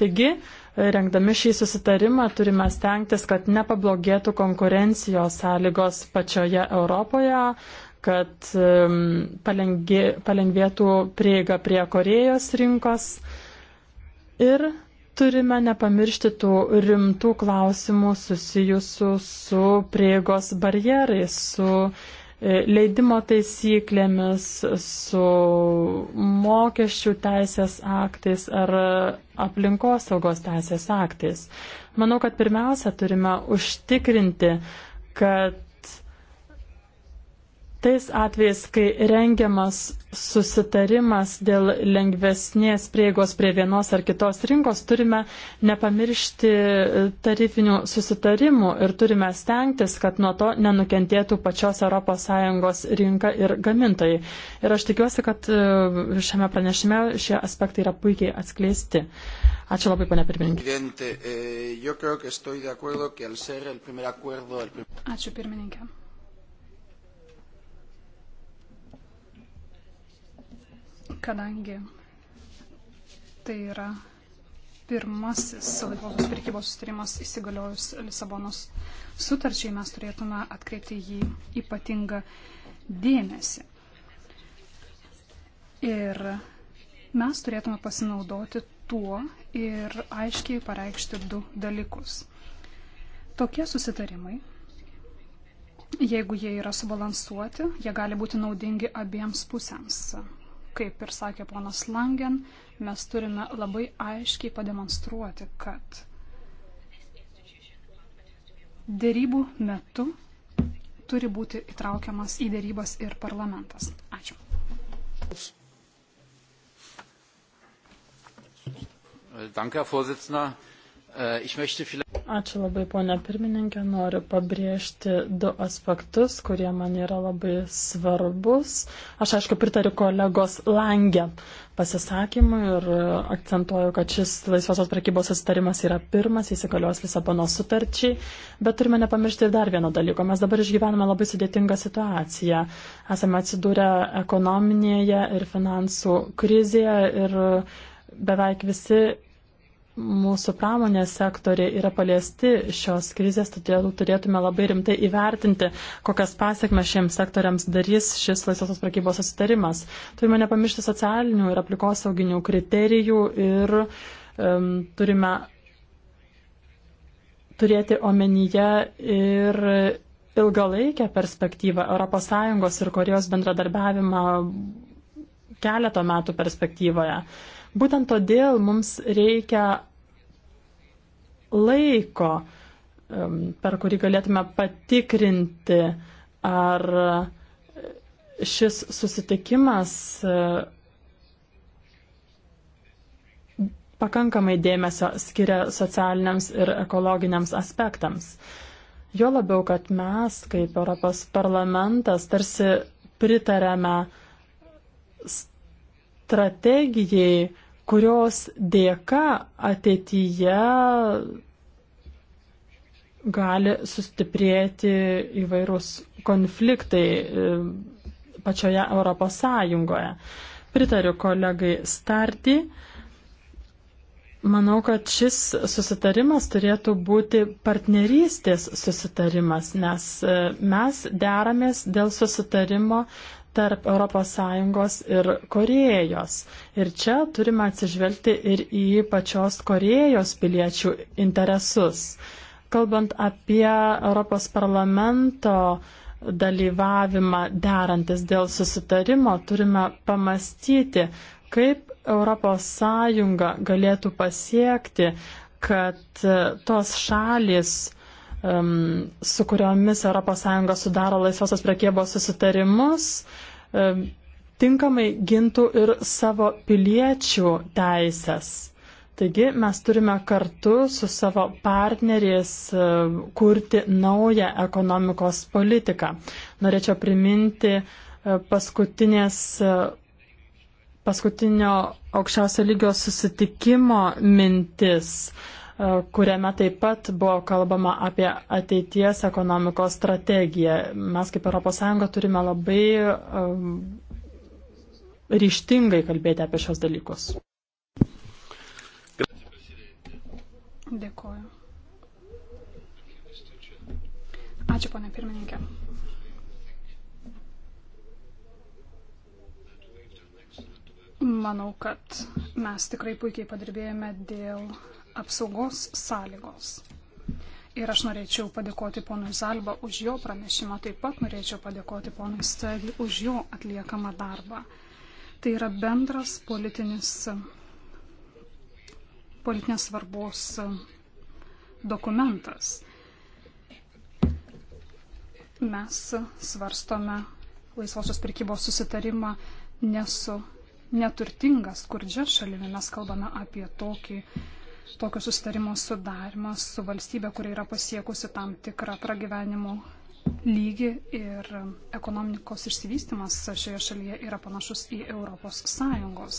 Taigi, rengdami šį susitarimą turime stengtis, kad nepablogėtų konkurencijos sąlygos pačioje Europoje, kad palengvėtų prieiga prie Korejos rinkos. Ir turime nepamiršti tų rimtų klausimų susijusių su prieigos barjerais, su e, leidimo taisyklėmis, su mokesčių teisės aktais ar aplinkosaugos teisės aktais. Manau, kad pirmiausia turime užtikrinti, kad Tais atvejais, kai rengiamas susitarimas dėl lengvesnės prieigos prie vienos ar kitos rinkos, turime nepamiršti tarifinių susitarimų ir turime stengtis, kad nuo to nenukentėtų pačios ES rinka ir gamintojai. Ir aš tikiuosi, kad e, šiame pranešime šie aspektai yra puikiai atskleisti. Ačiū labai, pane pirmininkė. Eh, Ačiū pirmininkė. kadangi tai yra pirmasis laisvosios prekybos sustarimas įsigaliojus Lisabonos sutarčiai, mes turėtume atkreipti jį ypatingą dėmesį. Ir mes turėtume pasinaudoti tuo ir aiškiai pareikšti du dalykus. Tokie susitarimai, jeigu jie yra subalansuoti, jie gali būti naudingi abiems pusėms Kaip ir sakė ponas Langen, mes turime labai aiškiai pademonstruoti, kad dėrybų metu turi būti įtraukiamas į dėrybas ir parlamentas. Ačiū. Danke, Herr Vorsitzender. Äh, Ačiū labai, ponia pirmininkė. Noriu pabrėžti du aspektus, kurie man yra labai svarbus. Aš, aišku, pritariu kolegos Langė pasisakymui ir akcentuoju, kad šis laisvosios prekybos susitarimas yra pirmas, įsigalios Lisabonos sutarčiai, bet turime nepamiršti ir dar vieno dalyko. Mes dabar išgyvename labai sudėtingą situaciją. Esame atsidūrę ekonominėje ir finansų krizėje ir beveik visi mūsų pramonės sektoriai yra paliesti šios krizės, todėl turėtume labai rimtai įvertinti, kokias pasiekmes šiems sektoriams darys šis laisvosios prekybos susitarimas. Turime nepamiršti socialinių ir aplikosauginių kriterijų ir um, turime turėti omenyje ir ilgalaikę perspektyvą ES ir Korejos bendradarbiavimą keleto metų perspektyvoje. Uh, Būtent todėl mums reikia laiko, per kurį galėtume patikrinti, ar šis susitikimas e, pakankamai dėmesio skiria socialiniams ir ekologiniams aspektams. Jo labiau, kad mes, kaip Europos parlamentas, tarsi pritarėme strategijai, kurios dėka ateityje gali sustiprėti įvairūs konfliktai e, pačioje Europos Sąjungoje. Pritariu kolegai Startį. Manau, kad šis susitarimas turėtų būti partnerystės susitarimas, nes e, mes deramės dėl susitarimo tarp ES ir Korejos. Ir čia turime atsižvelgti ir į pačios Korejos piliečių interesus. Kalbant apie Europos parlamento dalyvavimą derantis dėl susitarimo, turime pamastyti, kaip ES galėtų pasiekti, kad tos šalis, um, su kuriomis ES sudaro laisvosios prekybos susitarimus, Um, tinkamai gintų ir savo piliečių teisės. Taigi mes turime kartu su savo partneriais um, kurti naują ekonomikos politiką. Norėčiau priminti uh, paskutinės, uh, paskutinio aukščiausio lygio susitikimo mintis kuriame taip pat buvo kalbama apie ateities ekonomikos strategiją. Mes kaip ES turime labai um, ryštingai kalbėti apie šios dalykus. Dėkuoju. Ačiū, ponė pirmininkė. Manau, kad mes tikrai puikiai padirbėjome dėl apsaugos sąlygos. Ir aš norėčiau padėkoti ponui Zalba už jo pranešimą, taip pat norėčiau padėkoti ponui Stegli už jo atliekamą darbą. Tai yra bendras politinis, politinės svarbos dokumentas. Mes svarstome laisvosios prekybos susitarimą ne su neturtinga skurdžia šalimi, mes kalbame apie tokį uh, tokio susitarimo sudarimas su valstybė, kuri yra pasiekusi tam tikrą pragyvenimo lygį ir ekonomikos išsivystimas šioje šalyje yra panašus į Europos Sąjungos.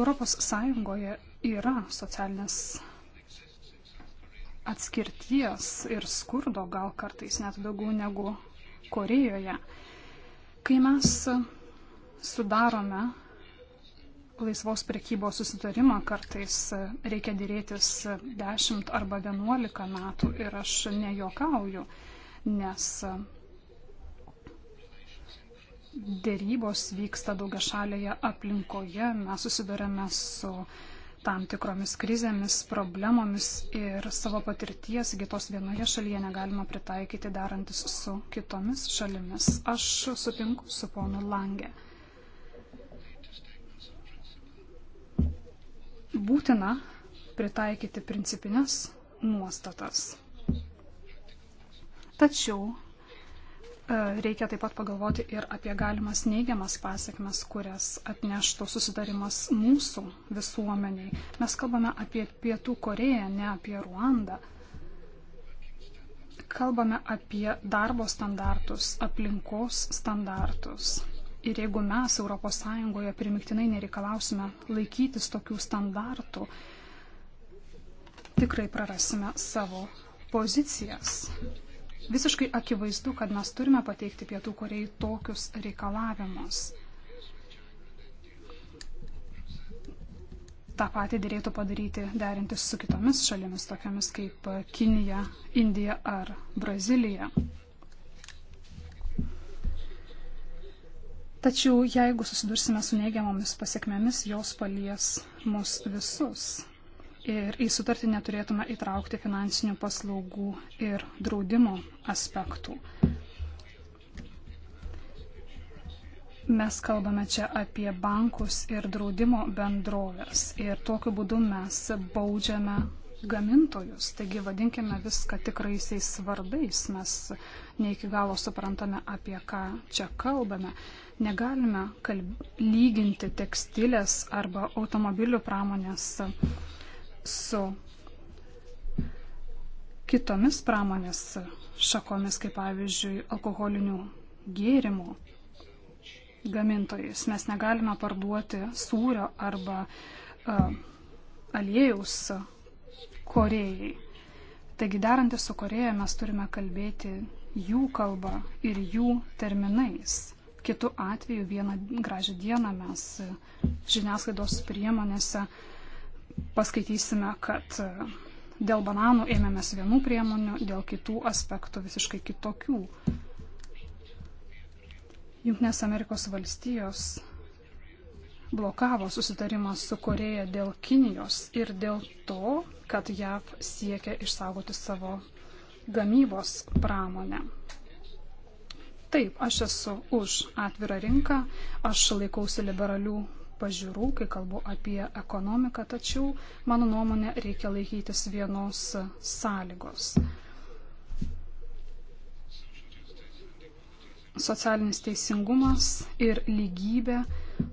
Europos Sąjungoje yra socialinės atskirties ir skurdo gal kartais net daugiau negu Korejoje. Kai mes sudarome laisvos prekybos susitarimą kartais reikia dėrėtis 10 arba 11 metų ir aš nejokauju, nes dėrybos vyksta daugia šalėje aplinkoje, mes susidurėme su tam tikromis krizėmis, problemomis ir savo patirties kitos vienoje šalyje negalima pritaikyti darantis su kitomis šalimis. Aš sutinku su ponu Lange. būtina pritaikyti principinės nuostatas. Tačiau e, reikia taip pat pagalvoti ir apie galimas neigiamas pasiekmes, kurias atneštų susidarimas mūsų visuomeniai. Mes kalbame apie Pietų Koreją, ne apie Ruandą. Kalbame apie darbo standartus, aplinkos standartus. Ir jeigu mes ES primiktinai nereikalausime laikytis tokių standartų, tikrai prarasime savo pozicijas. Visiškai akivaizdu, kad mes turime pateikti Pietų Korejai tokius reikalavimus. Ta pati dėlėtų padaryti derintis su kitomis šalimis, tokiamis kaip Kinija, Indija ar Brazilija. Tačiau jeigu susidursime su neigiamomis pasiekmėmis, jos palies mus visus. Ir į sutartį neturėtume įtraukti finansinių paslaugų ir draudimo aspektų. mes kalbame čia apie bankus ir draudimo bendrovės. Ir tokiu būdu mes baudžiame gamintojus. Taigi vadinkime viską tikraisiais vardais. Mes ne iki galo suprantame, apie ką čia kalbame. Negalime kalb... lyginti tekstilės arba automobilių pramonės su kitomis pramonės šakomis, kaip pavyzdžiui, alkoholinių gėrimų gamintojais. Mes negalime parduoti sūrio arba uh, aliejaus Korejai. Taigi derantis su Koreja mes turime kalbėti jų kalbą ir jų terminais. Kitu atveju vieną gražią dieną mes žiniasklaidos priemonėse paskaitysime, kad dėl bananų ėmėmės vienų priemonių, dėl kitų aspektų visiškai kitokių. Junktinės Amerikos valstijos blokavo susitarimą su Koreja dėl Kinijos ir dėl to, kad JAV siekia išsaugoti savo gamybos pramonę. Taip, aš esu už atvirą rinką, aš laikausi liberalių pažiūrų, kai kalbu apie ekonomiką, tačiau, mano nuomonė, reikia laikytis vienos sąlygos socialinis teisingumas ir lygybė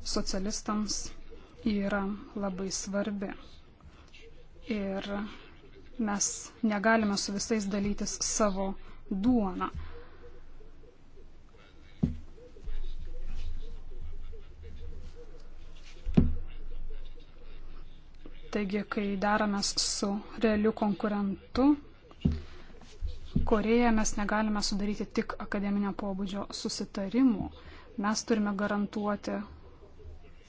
socialistams yra labai svarbi. Ir mes negalime su visais dalytis savo duoną. Taigi, kai deramės su realiu konkurentu, Koreja mes negalime sudaryti tik akademinio pobūdžio susitarimų. Mes turime garantuoti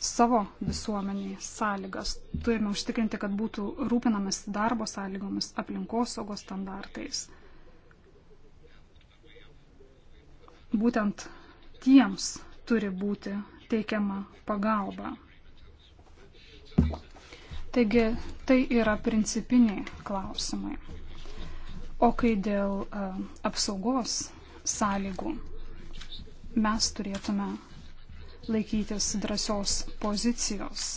savo visuomeniai sąlygas. Turime užtikrinti, kad būtų rūpinamas darbo sąlygomis, aplinkosaugos standartais. Būtent tiems turi būti teikiama pagalba. Taigi tai yra principiniai klausimai. O kai dėl apsaugos sąlygų, mes turėtume laikytis drąsios pozicijos.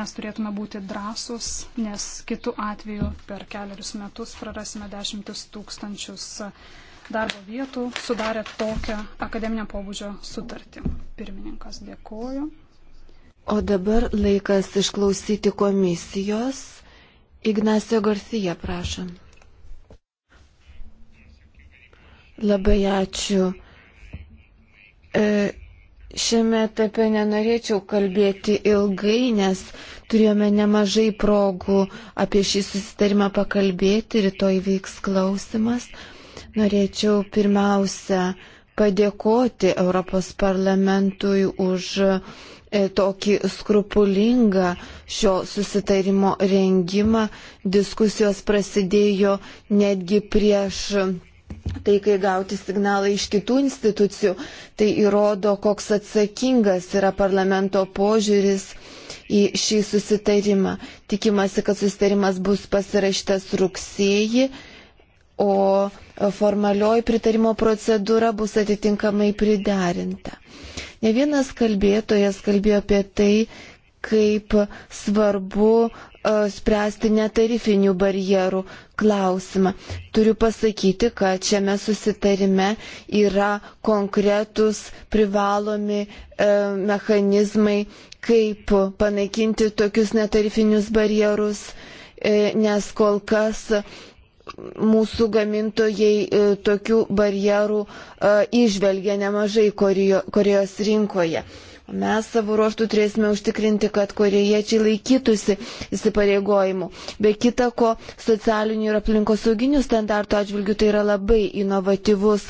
Mes turėtume būti drąsus, nes kitų atveju per keliarius metus prarasime dešimtis tūkstančius darbo vietų sudarė tokią akademinio pobūdžio sutartį. Pirmininkas dėkoju. O dabar laikas išklausyti komisijos. Ignacio Garcia, prašom. Labai ačiū. E, šiame etape nenorėčiau kalbėti ilgai, nes turėjome nemažai progų apie šį susitarimą pakalbėti, rytoj vyks klausimas. Norėčiau pirmiausia padėkoti Europos parlamentui už E, tokį skrupulingą šio susitarimo rengimą. Diskusijos prasidėjo netgi prieš tai, kai gauti signalai iš kitų institucijų. Tai įrodo, koks atsakingas yra parlamento požiūris į šį susitarimą. Tikimasi, kad susitarimas bus pasirašytas rugsėjį, o formalioji pritarimo procedūra bus atitinkamai priderinta. Ne vienas kalbėtojas kalbėjo apie tai, kaip svarbu e, spręsti netarifinių barjerų klausimą. Turiu pasakyti, kad šiame susitarime yra konkretus privalomi e, mechanizmai, kaip panaikinti tokius netarifinius barjerus, e, nes kol kas mūsų gamintojai e, tokių barjerų e, išvelgia nemažai Korejos rinkoje. Mes savo ruoštų turėsime užtikrinti, kad korejiečiai laikytųsi įsipareigojimų. Be kita ko, socialinių ir aplinkosauginių standartų atžvilgių tai yra labai inovatyvus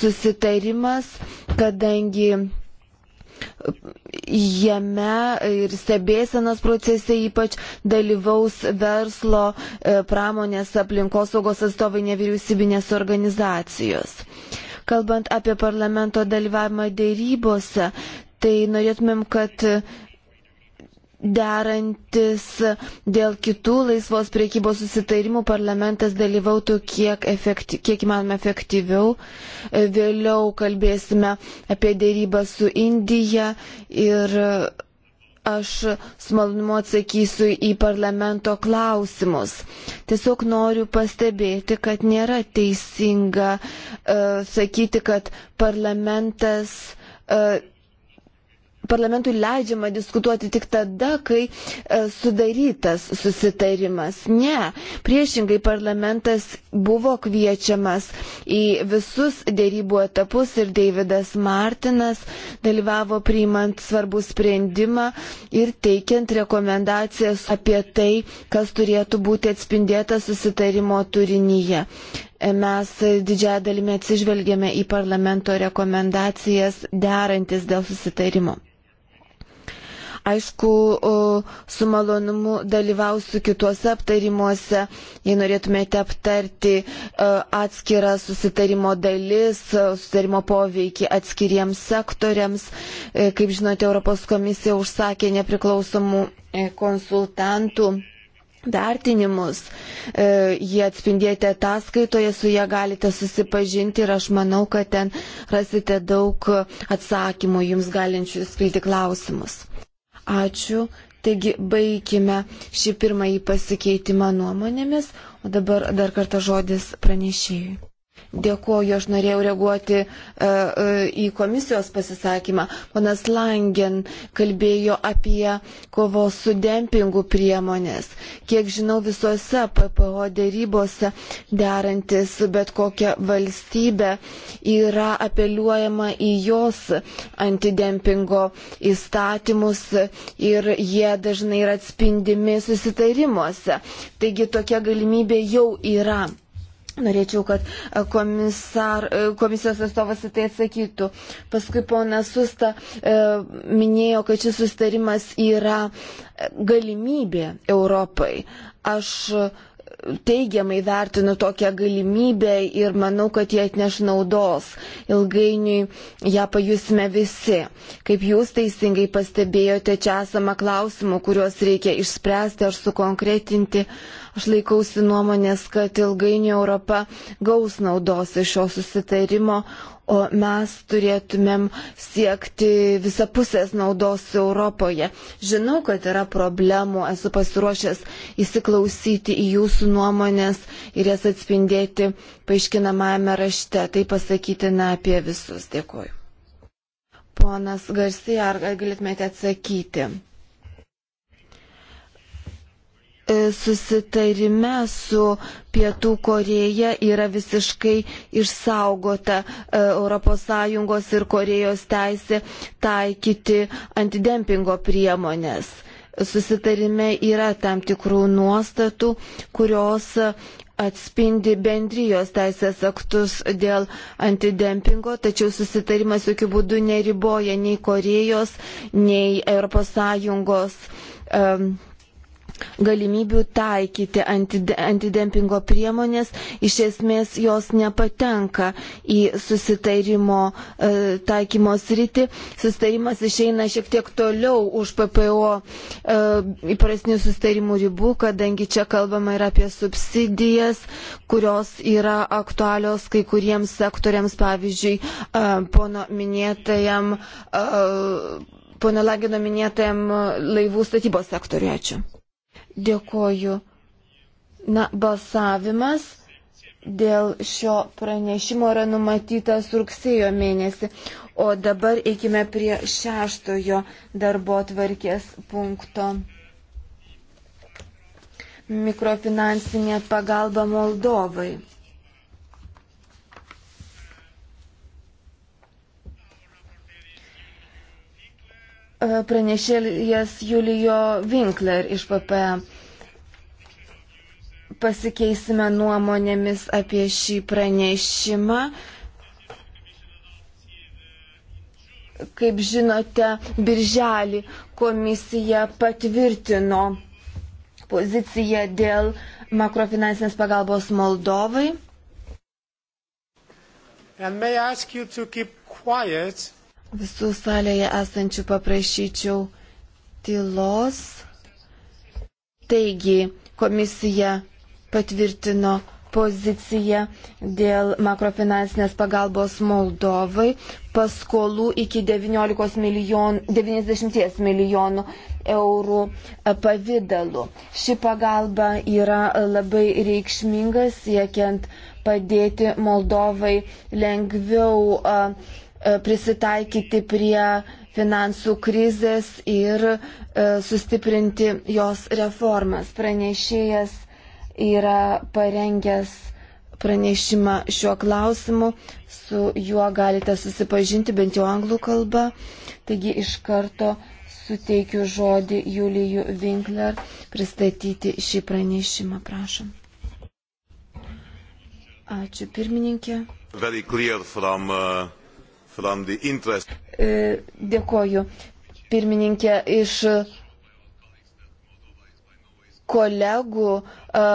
susitarimas, kadangi jame ir stebėsenos procese ypač dalyvaus verslo, e, pramonės, aplinkosaugos atstovai nevyriausybinės organizacijos. Kalbant apie parlamento dalyvavimą dėrybose, tai norėtumėm, kad derantis dėl kitų laisvos priekybos susitarimų parlamentas dalyvautų kiek, efekti, kiek įmanoma efektyviau. E, Vėliau kalbėsime apie dėrybą su Indija ir aš su malonumu atsakysiu į parlamento klausimus. Tiesiog noriu pastebėti, kad nėra teisinga uh, sakyti, kad parlamentas uh, parlamentui leidžiama diskutuoti tik tada, kai e, sudarytas susitarimas. Ne, priešingai parlamentas buvo kviečiamas į visus dėrybų etapus ir Davidas Martinas dalyvavo priimant svarbų sprendimą ir teikiant rekomendacijas apie tai, kas turėtų būti atspindėta susitarimo turinyje e, mes didžiąją dalimi atsižvelgėme į parlamento rekomendacijas derantis dėl susitarimo. Aišku, su malonumu dalyvausiu kituose aptarimuose, jei norėtumėte aptarti e, atskirą susitarimo dalis, e, susitarimo poveikį atskiriems sektoriams. E, kaip žinote, Europos komisija užsakė nepriklausomų konsultantų vertinimus. Jie atspindėti ataskaitoje, su jie galite susipažinti ir aš manau, kad ten rasite daug atsakymų jums galinčių skilti klausimus. Ačiū. Taigi baigime šį pirmąjį pasikeitimą nuomonėmis, o dabar dar kartą žodis pranešėjui. Dėkuoju, aš norėjau reaguoti uh, uh, į komisijos pasisakymą. Ponas Langen kalbėjo apie kovos su dempingu priemonės. Kiek žinau, visose PPO dėrybose derantis bet kokią valstybę yra apeliuojama į jos antidempingo įstatymus ir jie dažnai yra atspindimi susitarimuose. Taigi tokia galimybė jau yra. Norėčiau, kad e, komisar, e, komisijos atstovas į tai atsakytų. Paskui ponas Susta e, minėjo, kad šis sustarimas yra e, galimybė Europai. Aš teigiamai vertinu tokią galimybę ir manau, kad jie atneš naudos. Ilgainiui ją pajusime visi. Kaip jūs teisingai pastebėjote, čia esama klausimų, kuriuos reikia išspręsti ar sukonkretinti. Aš laikausi nuomonės, kad ilgainiui Europa gaus naudos iš šio susitarimo, o mes turėtumėm siekti visapusės naudos Europoje. Žinau, kad yra problemų, esu pasiruošęs įsiklausyti į jūsų nuomonės ir jas atspindėti paaiškinamajame rašte. Tai pasakytina apie visus. Dėkuoju. Ponas Garsiai, ar galėtumėte atsakyti? E, susitarime su Pietų Koreja yra visiškai išsaugota ES ir Korejos teisė taikyti antidempingo priemonės. Susitarime yra tam tikrų nuostatų, kurios atspindi bendrijos teisės aktus dėl antidempingo, tačiau susitarimas jokių būdų neriboja nei Korejos, nei ES um, galimybių taikyti antidempingo priemonės, iš esmės jos nepatenka į susitarimo e, taikymo sritį. Susitarimas išeina šiek tiek toliau už PPO e, įprasnių susitarimų ribų, kadangi čia kalbama ir apie subsidijas, kurios yra aktualios kai kuriems sektoriams, pavyzdžiui, e, pono minėtajam. E, Pone Lagino minėtajam laivų statybos sektoriu, ačiū. Dėkoju. Na, balsavimas dėl šio pranešimo yra numatytas rugsėjo mėnesį, o dabar eikime prie šeštojo darbo tvarkės punkto. Mikrofinansinė pagalba Moldovai. E, pranešėjas Julijo Winkler iš PPM e. pasikeisime nuomonėmis apie šį pranešimą. Kaip žinote, Birželį komisija patvirtino poziciją dėl makrofinansinės pagalbos Moldovai. Quiet, Visų salėje esančių paprašyčiau tylos. Taigi, komisija patvirtino poziciją dėl makrofinansinės pagalbos Moldovai, paskolų iki 19 milijon, 90 milijonų eurų pavydalu. Ši pagalba yra labai reikšminga siekiant padėti Moldovai lengviau uh, E, prisitaikyti prie finansų krizės ir e, sustiprinti jos reformas. Pranešėjas yra parengęs pranešimą šiuo klausimu, su juo galite susipažinti bent jau anglų kalba. Taigi iš karto suteikiu žodį Julijų Winkler pristatyti šį pranešimą, prašom. Ačiū pirmininkė. Very clear from uh, from the interest. E, dėkoju. Pirmininkė, iš kolegų e,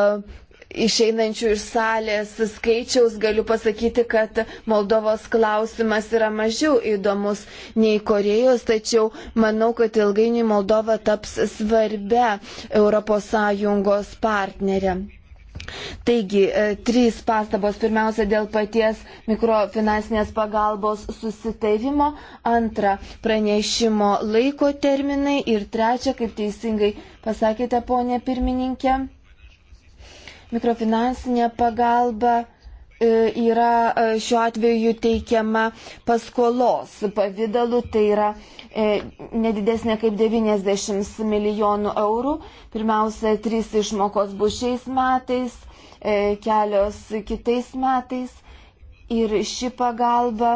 išeinančių iš salės skaičiaus galiu pasakyti, kad Moldovos klausimas yra mažiau įdomus nei Korejos, tačiau manau, kad ilgainiui Moldova taps svarbia ES partnerė. Taigi, e, trys pastabos. Pirmiausia, dėl paties mikrofinansinės pagalbos susitarimo. Antra, pranešimo laiko terminai. Ir trečia, kaip teisingai pasakėte, ponė pirmininkė, mikrofinansinė pagalba E, yra e, šiuo atveju teikiama paskolos pavydalu, tai yra e, nedidesnė kaip 90 milijonų eurų. Pirmiausia, trys išmokos bus šiais metais, kelios kitais metais ir ši pagalba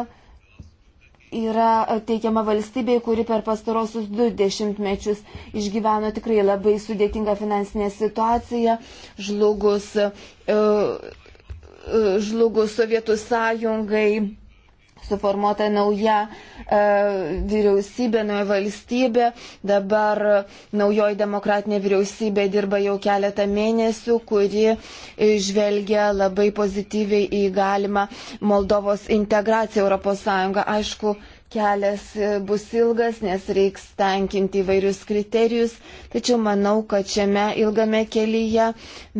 yra teikiama valstybei, kuri per pastarosius du dešimtmečius išgyveno tikrai labai sudėtingą finansinę situaciją, žlugus žlugus Sovietų sąjungai suformuota nauja e, vyriausybė, nauja valstybė. Dabar naujoji demokratinė vyriausybė dirba jau keletą mėnesių, kuri žvelgia labai pozityviai į galimą Moldovos integraciją ES. Aišku, kelias e, bus ilgas, nes reiks tenkinti įvairius kriterijus, tačiau manau, kad šiame ilgame kelyje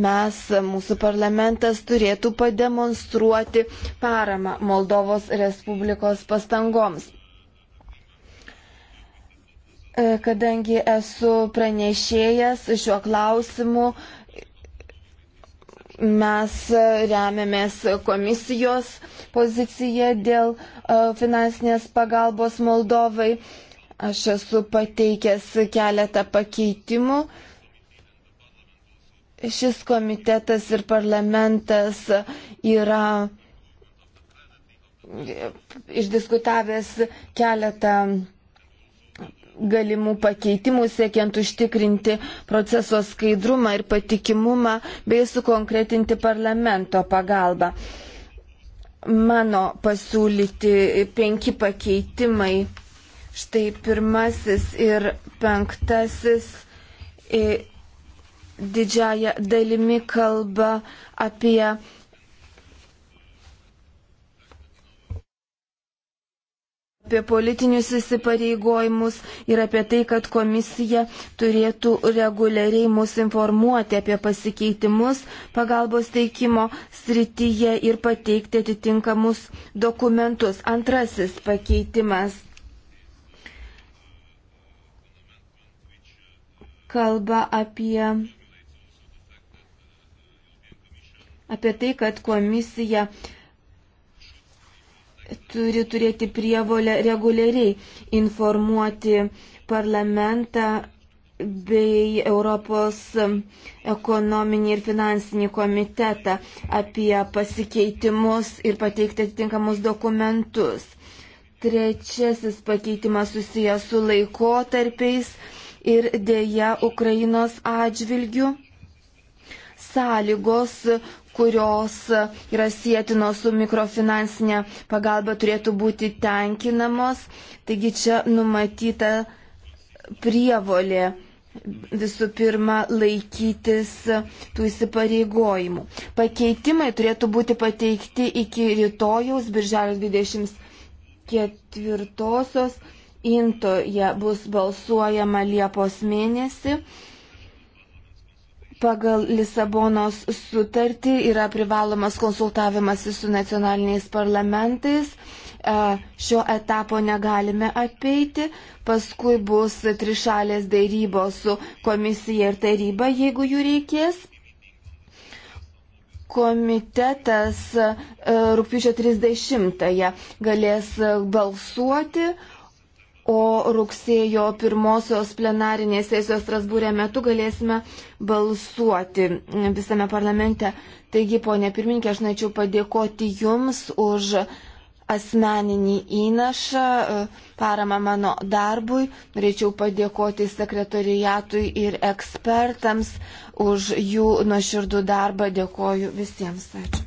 mes, e, mūsų parlamentas, turėtų pademonstruoti paramą Moldovos Respublikos pastangoms. E, kadangi esu pranešėjęs šiuo klausimu, Mes e, remiamės komisijos poziciją dėl e, finansinės pagalbos Moldovai. Aš esu pateikęs keletą pakeitimų. Šis komitetas ir parlamentas yra išdiskutavęs keletą galimų pakeitimų siekiant užtikrinti proceso skaidrumą ir patikimumą bei sukonkretinti parlamento pagalbą. Mano pasiūlyti penki pakeitimai, štai pirmasis ir penktasis e, didžiaja dalimi kalba apie apie politinius įsipareigojimus ir apie tai, kad komisija turėtų reguliariai mus informuoti apie pasikeitimus pagalbos teikimo srityje ir pateikti atitinkamus dokumentus. Antrasis pakeitimas kalba apie apie tai, kad komisija uh, turi turėti prievolę reguliariai informuoti parlamentą bei Europos ekonominį ir finansinį komitetą apie pasikeitimus ir pateikti atitinkamus dokumentus. Trečiasis pakeitimas susijęs su laikotarpiais ir dėja Ukrainos atžvilgių sąlygos, kurios yra sėtinos su mikrofinansinė pagalba, turėtų būti tenkinamos. Taigi čia numatyta prievolė visų pirma laikytis tų įsipareigojimų. Pakeitimai turėtų būti pateikti iki rytojaus, birželio 24-osios, intoje bus balsuojama Liepos mėnesį. Pagal Lisabonos sutartį yra privalomas konsultavimas su nacionaliniais parlamentais. E, šio etapo negalime apeiti. Paskui bus trišalės dėrybos su komisija ir taryba, jeigu jų reikės komitetas e, rūpiučio 30-ąją galės balsuoti, o rugsėjo pirmosios plenarinės sesijos Strasbūrė metu galėsime balsuoti visame parlamente. Taigi, ponė pirminkė, aš norėčiau padėkoti Jums už asmeninį įnašą, paramą mano darbui. Norėčiau padėkoti sekretoriatui ir ekspertams už jų nuoširdų darbą. Dėkoju visiems. Ačiū.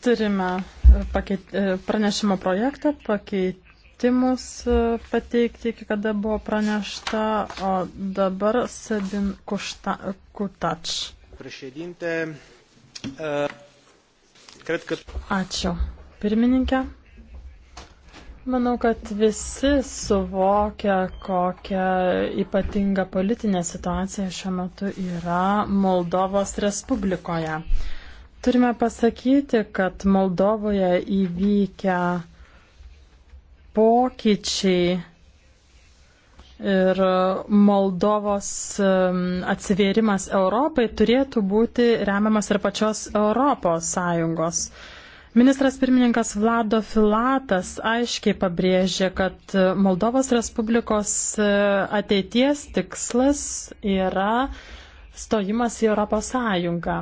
Turime e, pakeit, e, pranešimo projektą, pakeitimus e, pateikti, iki kada buvo pranešta, o dabar Sabin Kušta, Kutač. Prašėdinte, kred, kad... Ačiū. Pirmininkė. Manau, kad visi suvokia, kokia ypatinga politinė situacija šiuo metu yra Moldovos Respublikoje. Turime pasakyti, kad Moldovoje įvykę pokyčiai ir Moldovos atsivėrimas Europai turėtų būti remiamas ir pačios Europos Sąjungos. Ministras pirmininkas Vlado Filatas aiškiai pabrėžė, kad Moldovos Respublikos e, ateities tikslas yra stojimas į Europos Sąjungą.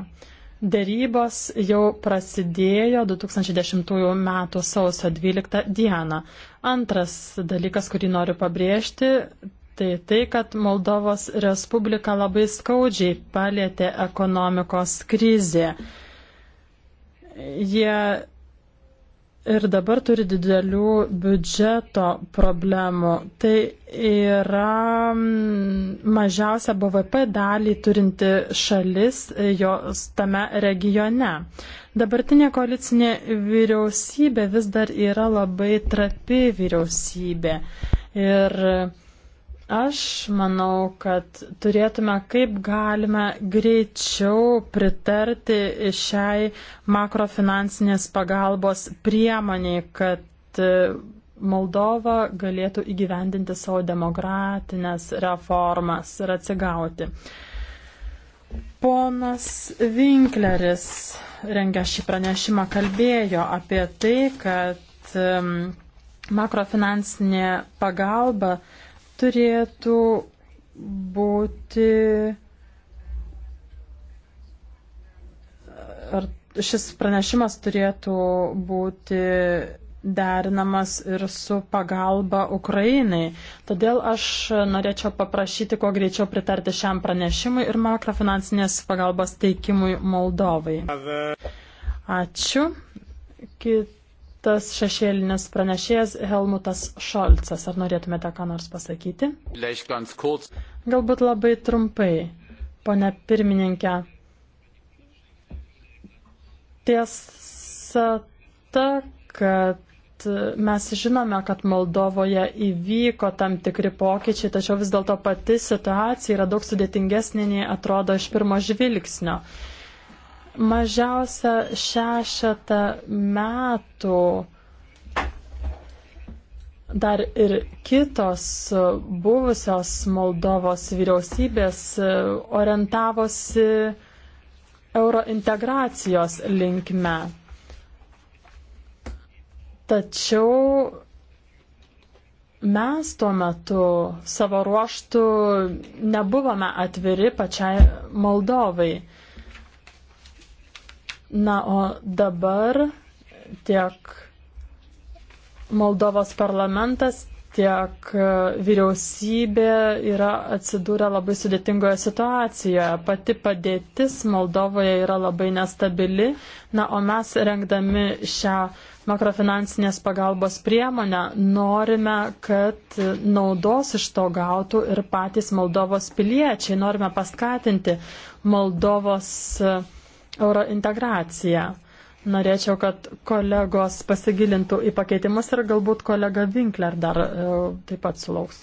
Dėrybos jau prasidėjo 2010 m. sausio 12 d. Antras dalykas, kurį noriu pabrėžti, tai tai, kad Moldovos Respublika labai skaudžiai palėtė ekonomikos krizė. Jie ir dabar turi didelių biudžeto problemų. Tai yra mm, mažiausia BVP dalį turinti šalis e, jos tame regione. Dabartinė koalicinė vyriausybė vis dar yra labai trapi vyriausybė. Ir Aš manau, kad turėtume kaip galime greičiau pritarti šiai makrofinansinės pagalbos priemoniai, kad e, Moldova galėtų įgyvendinti savo demokratinės reformas ir atsigauti. Ponas Vinkleris rengia šį pranešimą kalbėjo apie tai, kad makrofinansinė pagalba turėtų būti ar šis pranešimas turėtų būti derinamas ir su pagalba Ukrainai. Todėl aš norėčiau paprašyti, kuo greičiau pritarti šiam pranešimui ir makrofinansinės pagalbos teikimui Moldovai. Ačiū. Kit tas šešėlinis pranešėjas Helmutas Šolcas. Ar norėtumėte ką nors pasakyti? Galbūt labai trumpai, pone pirmininkė. Tiesa ta, kad mes žinome, kad Moldovoje įvyko tam tikri pokyčiai, tačiau vis dėlto pati situacija yra daug sudėtingesnė nei atrodo iš pirmo žvilgsnio mažiausia šešetą metų dar ir kitos buvusios Moldovos vyriausybės orientavosi eurointegracijos linkme. Tačiau mes tuo metu savo ruoštų nebuvome atviri pačiai Moldovai. Na, o dabar tiek Moldovos parlamentas, tiek e, vyriausybė yra atsidūrę labai sudėtingoje situacijoje. Pati padėtis Moldovoje yra labai nestabili. Na, o mes rengdami šią makrofinansinės pagalbos priemonę norime, kad naudos iš to gautų ir patys Moldovos piliečiai. Norime paskatinti Moldovos piliečiai euro integraciją. Norėčiau, kad kolegos pasigilintų į pakeitimus ir galbūt kolega Winkler dar e, taip pat sulauks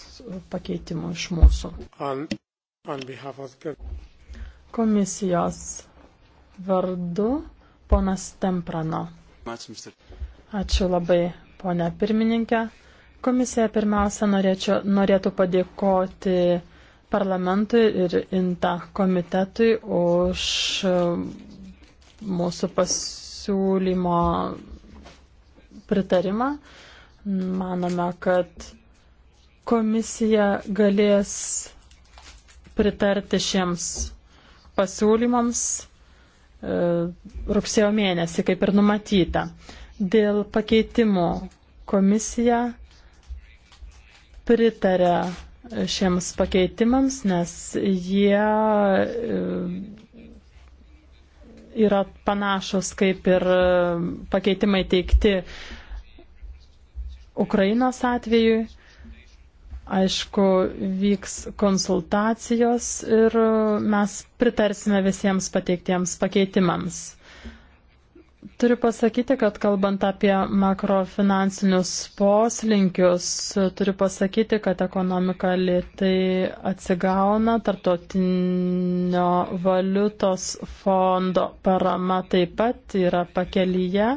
pakeitimų iš mūsų. On, on the... Komisijos vardu ponas Temprano. Ačiū labai, ponia pirmininkė. Komisija pirmiausia norėčiau, norėtų padėkoti parlamentui ir INTA komitetui už mūsų pasiūlymo pritarimą. Manome, kad komisija galės pritarti šiems pasiūlymams e, rugsėjo mėnesį, kaip ir numatyta. Dėl pakeitimų komisija pritarė šiems pakeitimams, nes jie e, yra panašus kaip ir e, pakeitimai teikti Ukrainos atvejui. Aišku, vyks konsultacijos ir e, mes pritarsime visiems pateiktiems pakeitimams. Turiu pasakyti, kad kalbant apie makrofinansinius poslinkius, turiu pasakyti, kad ekonomika lietai atsigauna, tartotinio valiutos fondo parama taip pat yra pakelyje.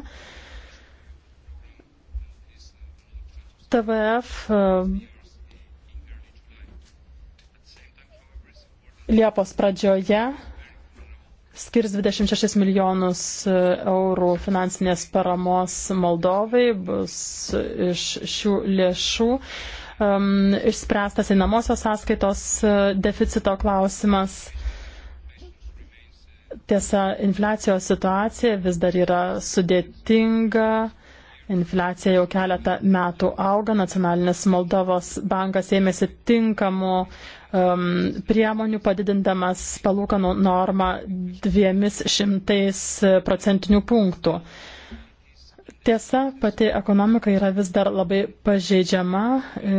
TVF e, Liepos pradžioje skirs 26 milijonus e, eurų finansinės paramos Moldovai, bus iš šių lėšų um, išspręstas einamosios sąskaitos e, deficito klausimas. Tiesa, infliacijos situacija vis dar yra sudėtinga. Infliacija jau keletą metų auga. Nacionalinis Moldovos bankas ėmėsi tinkamų um, priemonių padidindamas palūkanų normą dviemis šimtais e, procentinių punktų. Tiesa, pati ekonomika yra vis dar labai pažeidžiama, e,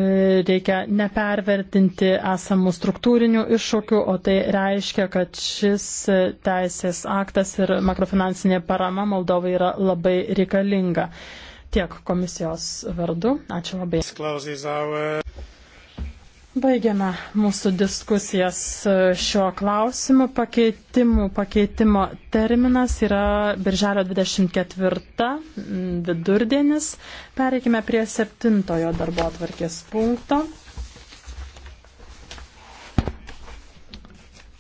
reikia nepervertinti esamų struktūrinių iššūkių, o tai reiškia, kad šis e, teisės aktas ir makrofinansinė parama Moldovai yra labai reikalinga. Tiek komisijos vardu. Ačiū labai. Baigiame mūsų diskusijas e, šiuo klausimu. Pakeitimų pakeitimo terminas yra birželio 24 vidurdienis. Pereikime prie septintojo darbo atvarkės punkto.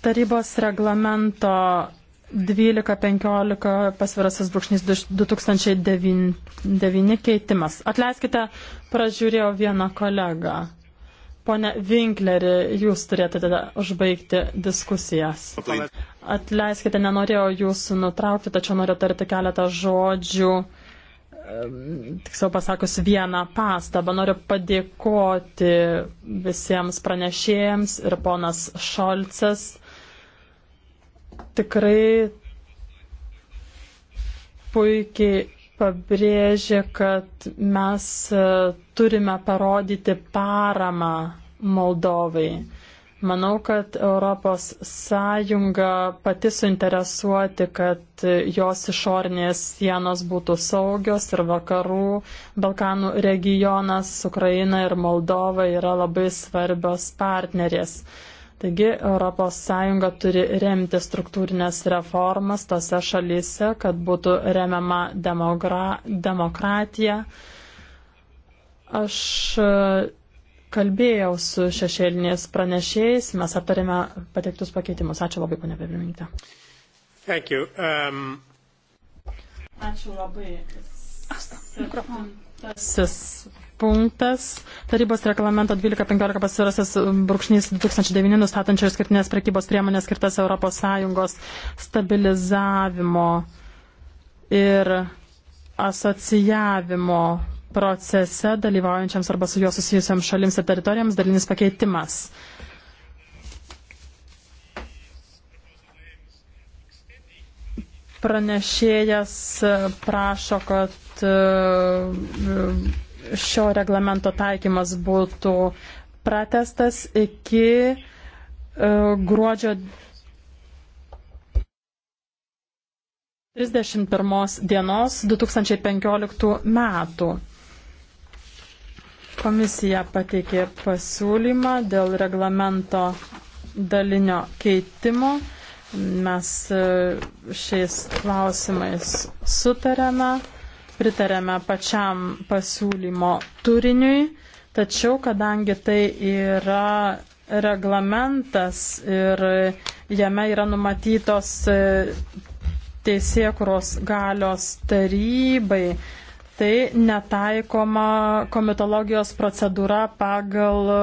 Tarybos reglamento 12.15 pasvirasis brūkšnys 2009 keitimas. Atleiskite, pražiūrėjau vieną kolegą. Pone Vinkleri, jūs turėtumėte užbaigti diskusijas. Atleiskite, nenorėjau jūsų nutraukti, tačiau noriu tarti keletą žodžių. Tiksliau pasakus vieną pastabą, noriu padėkoti visiems pranešėjams ir ponas Šolcas. Tikrai puikiai pabrėžė, kad mes e, turime parodyti paramą Moldovai. Manau, kad Europos Sąjunga pati suinteresuoti, kad jos išornės sienos būtų saugios ir vakarų Balkanų regionas, Ukraina ir Moldova yra labai svarbios partnerės. Taigi ES turi remti struktūrinės reformas tose šalyse, kad būtų remiama demogra, demokratija. Aš e, kalbėjau su šešėlinės pranešėjais, mes aptarėme pateiktus pakeitimus. Ačiū labai, ponia Pirmininkė. Um... Ačiū labai. Septintasis punktas tarybos reglamento 1215 pasirasis um, brūkšnys 2009 nustatančio išskirtinės prekybos priemonės skirtas ES stabilizavimo ir asociavimo procese dalyvaujančiams arba su juo susijusiams šalims ir teritorijoms dalinis pakeitimas. Pranešėjas uh, prašo, kad uh, šio reglamento taikymas būtų pratestas iki e, gruodžio 31 dienos 2015 metų. Komisija pateikė pasiūlymą dėl reglamento dalinio keitimo. Mes e, šiais klausimais sutarėme pritarėme pačiam pasiūlymo turiniui, tačiau kadangi tai yra reglamentas ir jame yra numatytos e, teisėkuros galios tarybai, tai netaikoma komitologijos procedūra pagal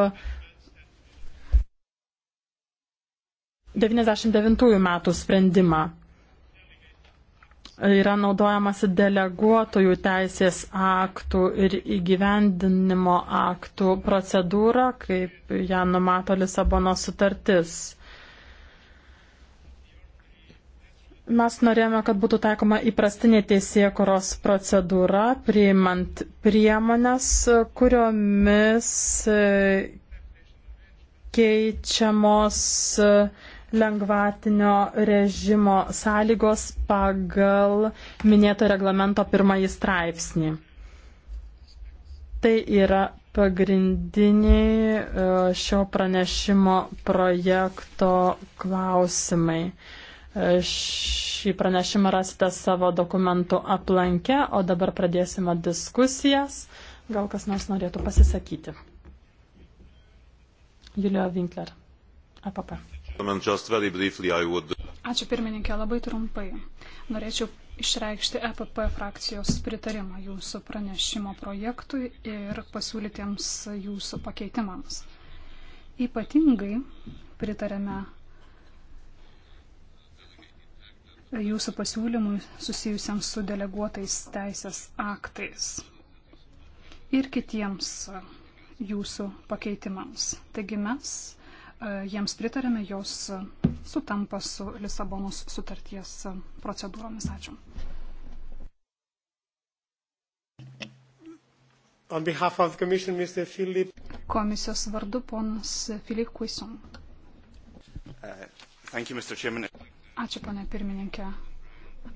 99 metų sprendimą yra naudojamasi deleguotojų teisės aktų ir įgyvendinimo aktų procedūra, kaip ją numato Lisabono sutartis. Mes norėjome, kad būtų taikoma įprastinė teisėkuros procedūra, priimant priemonės, kuriomis keičiamos uh, lengvatinio režimo sąlygos pagal minėto reglamento pirmąjį straipsnį. Tai yra pagrindiniai e, šio pranešimo projekto klausimai. E, šį pranešimą rasite savo dokumentų aplankę, o dabar pradėsime diskusijas. Gal kas nors norėtų pasisakyti? Julio Winkler, APP. Um, Ačiū pirmininkė, labai trumpai. Norėčiau išreikšti EPP frakcijos pritarimą jūsų pranešimo projektui ir pasiūlytiems jūsų pakeitimams. Ypatingai pritarėme jūsų pasiūlymui susijusiam su deleguotais teisės aktais ir kitiems jūsų pakeitimams. Taigi mes E, jiems pritarėme, jos sutampa su Lisabonos sutarties procedūromis. Ačiū. Komisijos vardu ponas Filip Kuisom. Uh, Ačiū, ponė pirmininkė.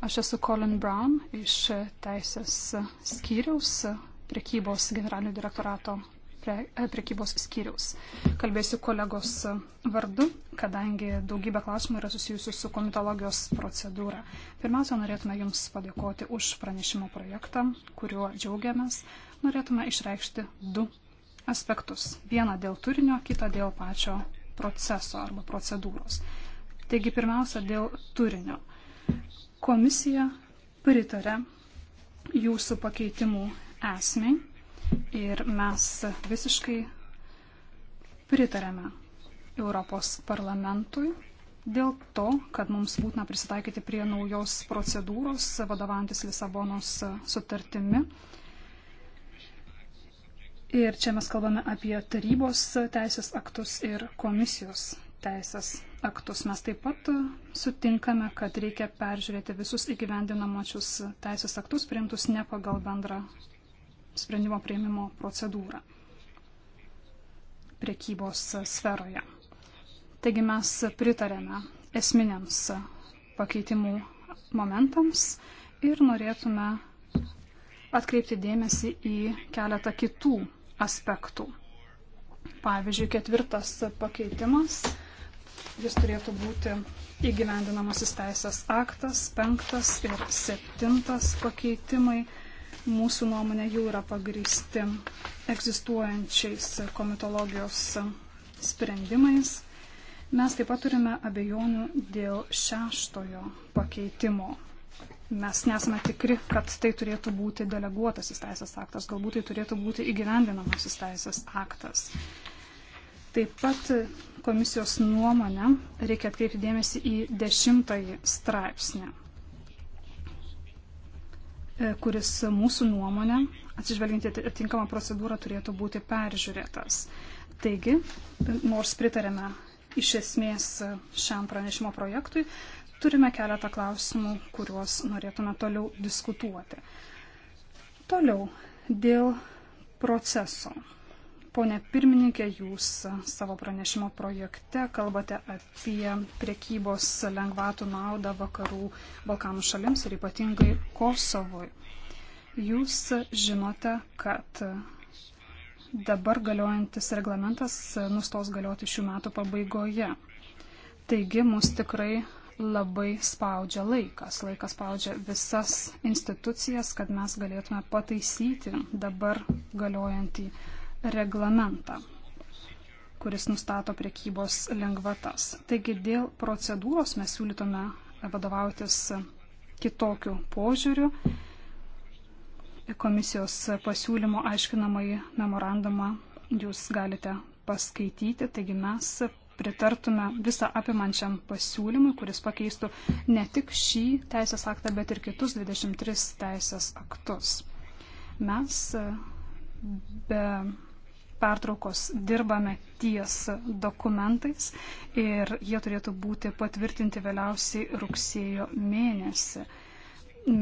Aš esu Colin Brown iš Teisės skyriaus prekybos generalinio direktorato pre, e, prekybos skyriaus. Kalbėsiu kolegos vardu, kadangi daugybė klausimų yra susijusių su komitologijos procedūra. Pirmiausia, norėtume Jums padėkoti už pranešimo projektą, kuriuo džiaugiamės. Norėtume išreikšti du aspektus. Vieną dėl turinio, kitą dėl pačio proceso arba procedūros. Taigi, pirmiausia, dėl turinio. Komisija pritarė jūsų pakeitimų esmei Ir mes visiškai pritarėme Europos parlamentui dėl to, kad mums būtina prisitaikyti prie naujos procedūros, vadovantis Lisabonos sutartimi. Ir čia mes kalbame apie tarybos teisės aktus ir komisijos teisės aktus. Mes taip pat sutinkame, kad reikia peržiūrėti visus įgyvendinamočius teisės aktus priimtus ne pagal bendrą sprendimo prieimimo procedūrą priekybos sferoje. Taigi mes pritarėme esminiams pakeitimų momentams ir norėtume atkreipti dėmesį į keletą kitų aspektų. Pavyzdžiui, ketvirtas pakeitimas, jis turėtų būti įgyvendinamasis teisės aktas, penktas ir septintas pakeitimai mūsų nuomonė jau yra pagristi egzistuojančiais komitologijos sprendimais. Mes taip pat turime abejonių dėl šeštojo pakeitimo. Mes nesame tikri, kad tai turėtų būti deleguotasis teisės aktas, galbūt tai turėtų būti įgyvendinamasis teisės aktas. Taip pat komisijos nuomonę reikia atkreipti dėmesį į dešimtąjį straipsnį E, kuris mūsų nuomonė, atsižvelginti atitinkamą procedūrą, turėtų būti peržiūrėtas. Taigi, e, nors pritarėme iš esmės šiam pranešimo projektui, turime keletą klausimų, kuriuos norėtume toliau diskutuoti. Toliau, dėl proceso. Pone pirmininkė, jūs savo pranešimo projekte kalbate apie priekybos lengvatų naudą vakarų Balkanų šalims ir ypatingai Kosovui. Jūs žinote, kad dabar galiojantis reglamentas nustos galioti šių metų pabaigoje. Taigi mus tikrai labai spaudžia laikas. Laikas spaudžia visas institucijas, kad mes galėtume pataisyti dabar galiojantį reglamentą reglamentą, kuris nustato priekybos lengvatas. Taigi dėl procedūros mes siūlytume vadovautis kitokiu požiūriu. Komisijos pasiūlymo aiškinamai memorandumą jūs galite paskaityti, taigi mes pritartume visą apimančiam pasiūlymui, kuris pakeistų ne tik šį teisės aktą, bet ir kitus 23 teisės aktus. Mes be pertraukos dirbame ties dokumentais ir jie turėtų būti patvirtinti vėliausiai rugsėjo mėnesį.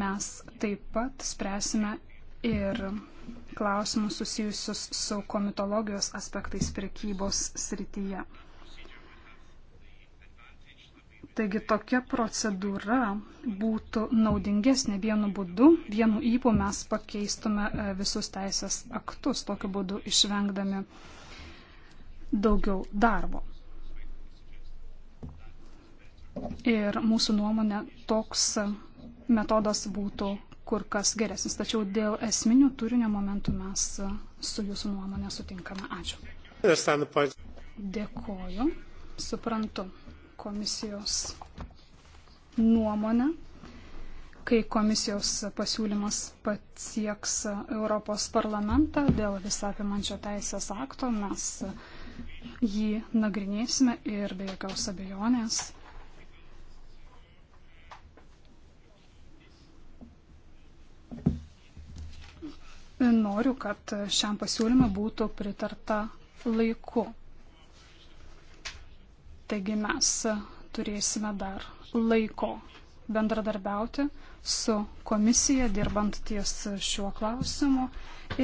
Mes taip pat spręsime ir klausimus susijusius su komitologijos aspektais prekybos srityje. Taigi tokia procedūra būtų naudingesnė vienu būdu, vienu įpu mes pakeistume e, visus teisės aktus, tokiu būdu išvengdami daugiau darbo. Ir mūsų nuomonė toks metodas būtų kur kas geresnis. Tačiau dėl esminių turinio momentų mes e, su jūsų nuomonė sutinkame. Ačiū. Dėkoju. Suprantu komisijos nuomonę, kai komisijos pasiūlymas pasieks Europos parlamentą dėl visapimančio teisės akto, mes jį nagrinėsime ir be jokios abejonės. Noriu, kad šiam pasiūlymui būtų pritarta laiku. Taigi mes turėsime dar laiko bendradarbiauti su komisija, dirbant ties šiuo klausimu.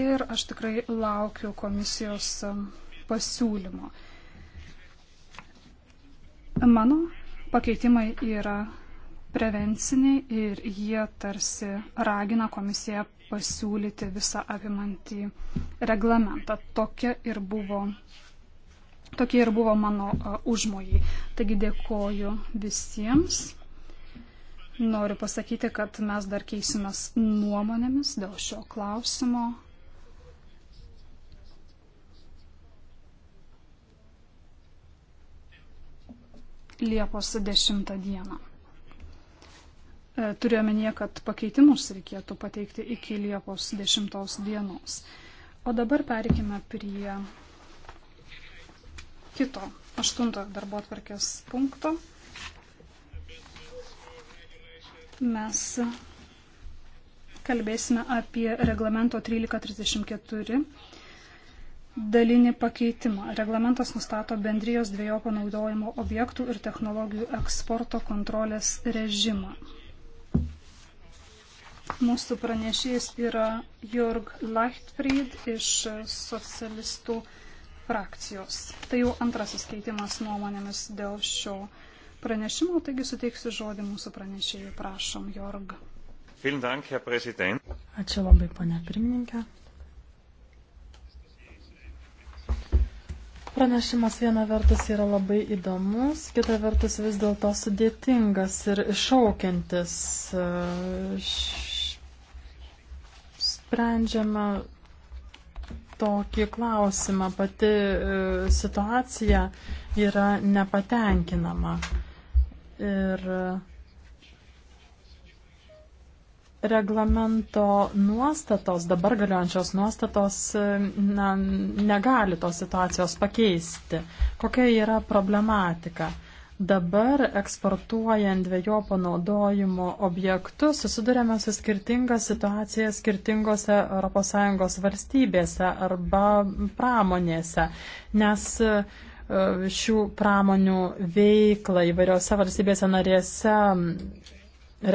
Ir aš tikrai laukiu komisijos pasiūlymo. Mano pakeitimai yra prevenciniai ir jie tarsi ragina komisiją pasiūlyti visą apimantį reglamentą. Tokia ir buvo Tokie ir buvo mano užmojai. Taigi dėkoju visiems. Noriu pasakyti, kad mes dar keisimės nuomonėmis dėl šio klausimo. Liepos 10 dieną. E, turiu omenyje, kad pakeitimus reikėtų pateikti iki Liepos 10 dienos. O dabar perikime prie kito aštunto darbo atvarkės punkto. Mes kalbėsime apie reglamento 1334 dalinį pakeitimą. Reglamentas nustato bendrijos dviejų panaudojimo objektų ir technologijų eksporto kontrolės režimą. Mūsų pranešėjas yra Jörg Leichtfried iš socialistų frakcijos frakcijos. Tai jau antrasis keitimas nuomonėmis dėl šio pranešimo, taigi suteiksiu žodį mūsų pranešėjai. Prašom, Jorg. Ačiū labai, ponė pirmininkė. Pranešimas viena vertus yra labai įdomus, kita vertus vis dėlto sudėtingas ir iššaukiantis. E, sprendžiama tokį klausimą. Pati e, situacija yra nepatenkinama. Ir reglamento nuostatos, dabar galiojančios nuostatos, e, na, negali tos situacijos pakeisti. Kokia yra problematika? Dabar eksportuojant dviejų panaudojimo objektus susidurėme su skirtinga situacija skirtingose ES valstybėse arba pramonėse, nes e, šių pramonių veiklą įvairiose valstybėse narėse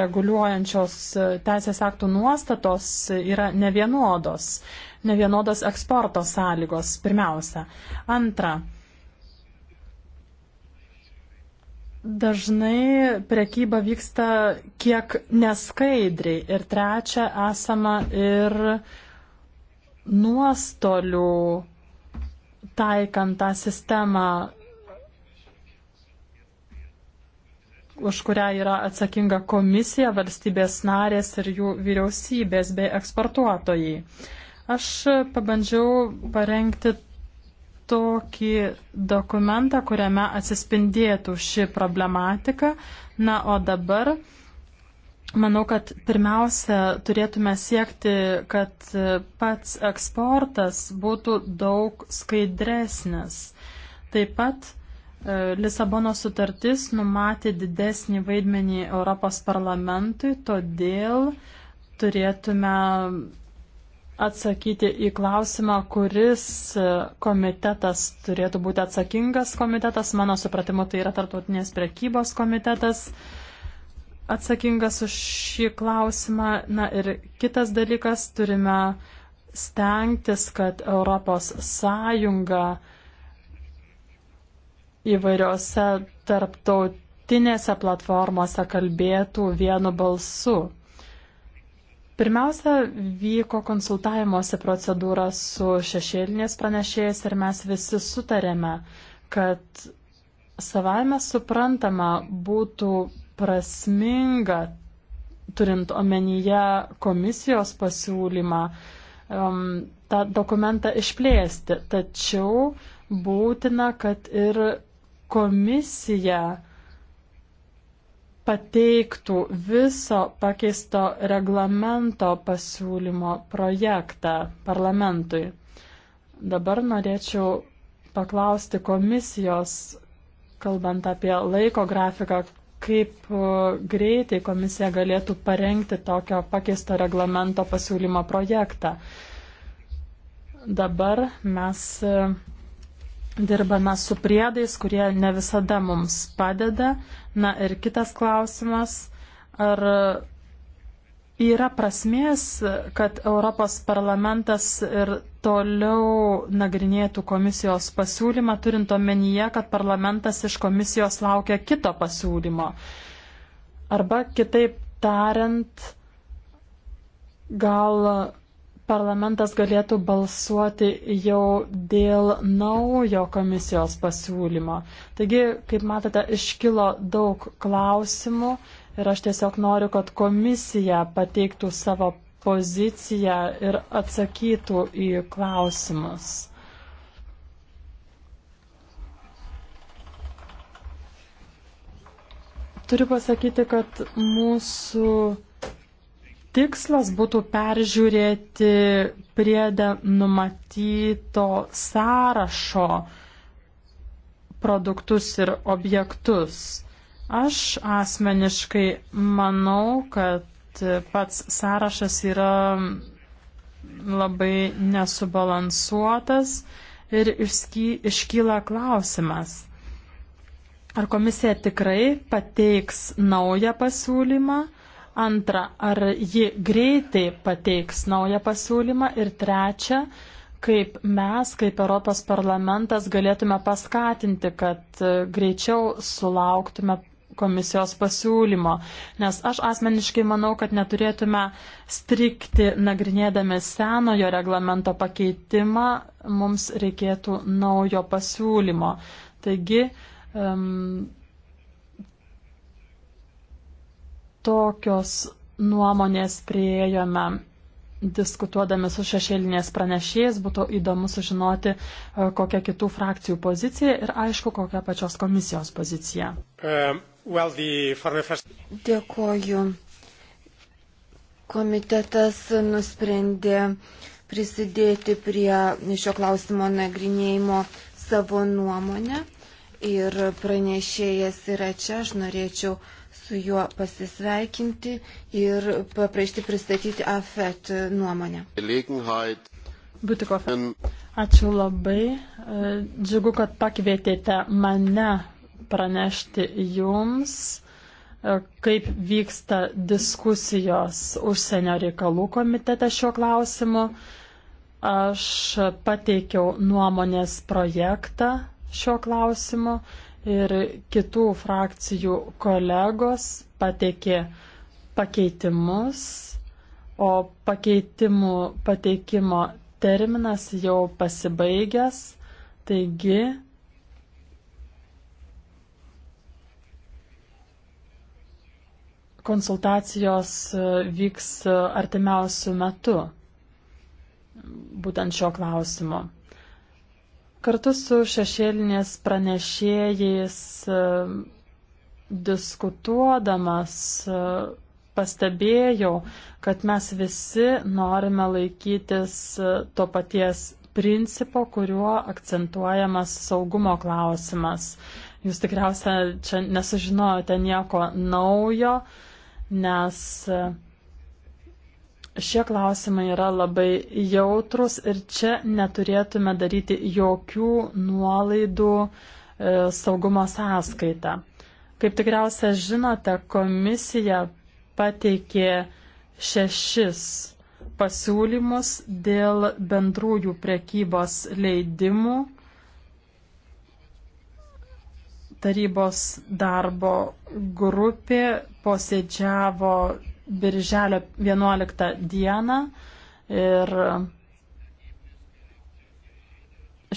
reguliuojančios e, teisės aktų nuostatos yra nevienodos, nevienodos eksporto sąlygos pirmiausia. Antra, Dažnai prekyba vyksta kiek neskaidriai ir trečia esama ir nuostolių taikant tą sistemą, už kurią yra atsakinga komisija, valstybės narės ir jų vyriausybės bei eksportuotojai. Aš pabandžiau parengti tokį dokumentą, kuriame atsispindėtų ši problematika. Na, o dabar manau, kad pirmiausia turėtume siekti, kad pats eksportas būtų daug skaidresnis. Taip pat e, Lisabono sutartis numatė didesnį vaidmenį Europos parlamentui, todėl turėtume atsakyti į klausimą, kuris komitetas turėtų būti atsakingas komitetas. Mano supratimu, tai yra tarptautinės prekybos komitetas atsakingas už šį klausimą. Na ir kitas dalykas, turime stengtis, kad Europos Sąjunga įvairiose tarptautinėse platformose kalbėtų vienu balsu. Pirmiausia, vyko konsultavimuose procedūra su šešėlinės pranešėjais ir mes visi sutarėme, kad savame suprantama būtų prasminga, turint omenyje komisijos pasiūlymą, um, tą dokumentą išplėsti. Tačiau būtina, kad ir komisija pateiktų viso pakeisto reglamento pasiūlymo projektą parlamentui. Dabar norėčiau paklausti komisijos, kalbant apie laiko grafiką, kaip uh, greitai komisija galėtų parengti tokio pakeisto reglamento pasiūlymo projektą. Dabar mes uh, dirbame su priedais, kurie ne visada mums padeda. Na ir kitas klausimas, ar yra prasmės, kad Europos parlamentas ir toliau nagrinėtų komisijos pasiūlymą, turint omenyje, kad parlamentas iš komisijos laukia kito pasiūlymo. Arba kitaip tariant, gal parlamentas galėtų balsuoti jau dėl naujo komisijos pasiūlymo. Taigi, kaip matote, iškilo daug klausimų ir aš tiesiog noriu, kad komisija pateiktų savo poziciją ir atsakytų į klausimus. Turiu pasakyti, kad mūsų Tikslas būtų peržiūrėti priedę numatyto sąrašo produktus ir objektus. Aš asmeniškai manau, kad pats sąrašas yra labai nesubalansuotas ir iškyla klausimas, ar komisija tikrai pateiks naują pasiūlymą, Antra, ar ji greitai pateiks naują pasiūlymą. Ir trečia, kaip mes, kaip Europos parlamentas, galėtume paskatinti, kad e, greičiau sulauktume komisijos pasiūlymo. Nes aš asmeniškai manau, kad neturėtume strikti nagrinėdami senojo reglamento pakeitimą, mums reikėtų naujo pasiūlymo. Taigi, um, tokios nuomonės priejome diskutuodami su šešėlinės pranešėjais. Būtų įdomu sužinoti, e, kokia kitų frakcijų pozicija ir aišku, kokia pačios komisijos pozicija. Um, well, the... Dėkoju. Komitetas nusprendė prisidėti prie šio klausimo nagrinėjimo savo nuomonę ir pranešėjas yra čia. Aš norėčiau uh, su juo pasisveikinti ir paprašyti pristatyti AFET nuomonę. Butikofe. Ačiū labai. E, džiugu, kad pakvietėte mane pranešti jums e, kaip vyksta diskusijos užsienio reikalų komitete šiuo klausimu. Aš pateikiau nuomonės projektą šiuo klausimu ir kitų frakcijų kolegos pateikė pakeitimus, o pakeitimų pateikimo terminas jau pasibaigęs, taigi konsultacijos e, vyks e, artimiausių metų būtent šio klausimo. Kartu su šešėlinės pranešėjais e, diskutuodamas e, pastebėjau, kad mes visi norime laikytis e, to paties principo, kuriuo akcentuojamas saugumo klausimas. Jūs tikriausia čia nesužinojote nieko naujo, nes uh, Šie klausimai yra labai jautrus ir čia neturėtume daryti jokių nuolaidų e, saugumo sąskaitą. Kaip tikriausia žinote, komisija pateikė šešis pasiūlymus dėl bendrųjų prekybos leidimų tarybos darbo grupė posėdžiavo birželio 11 dieną ir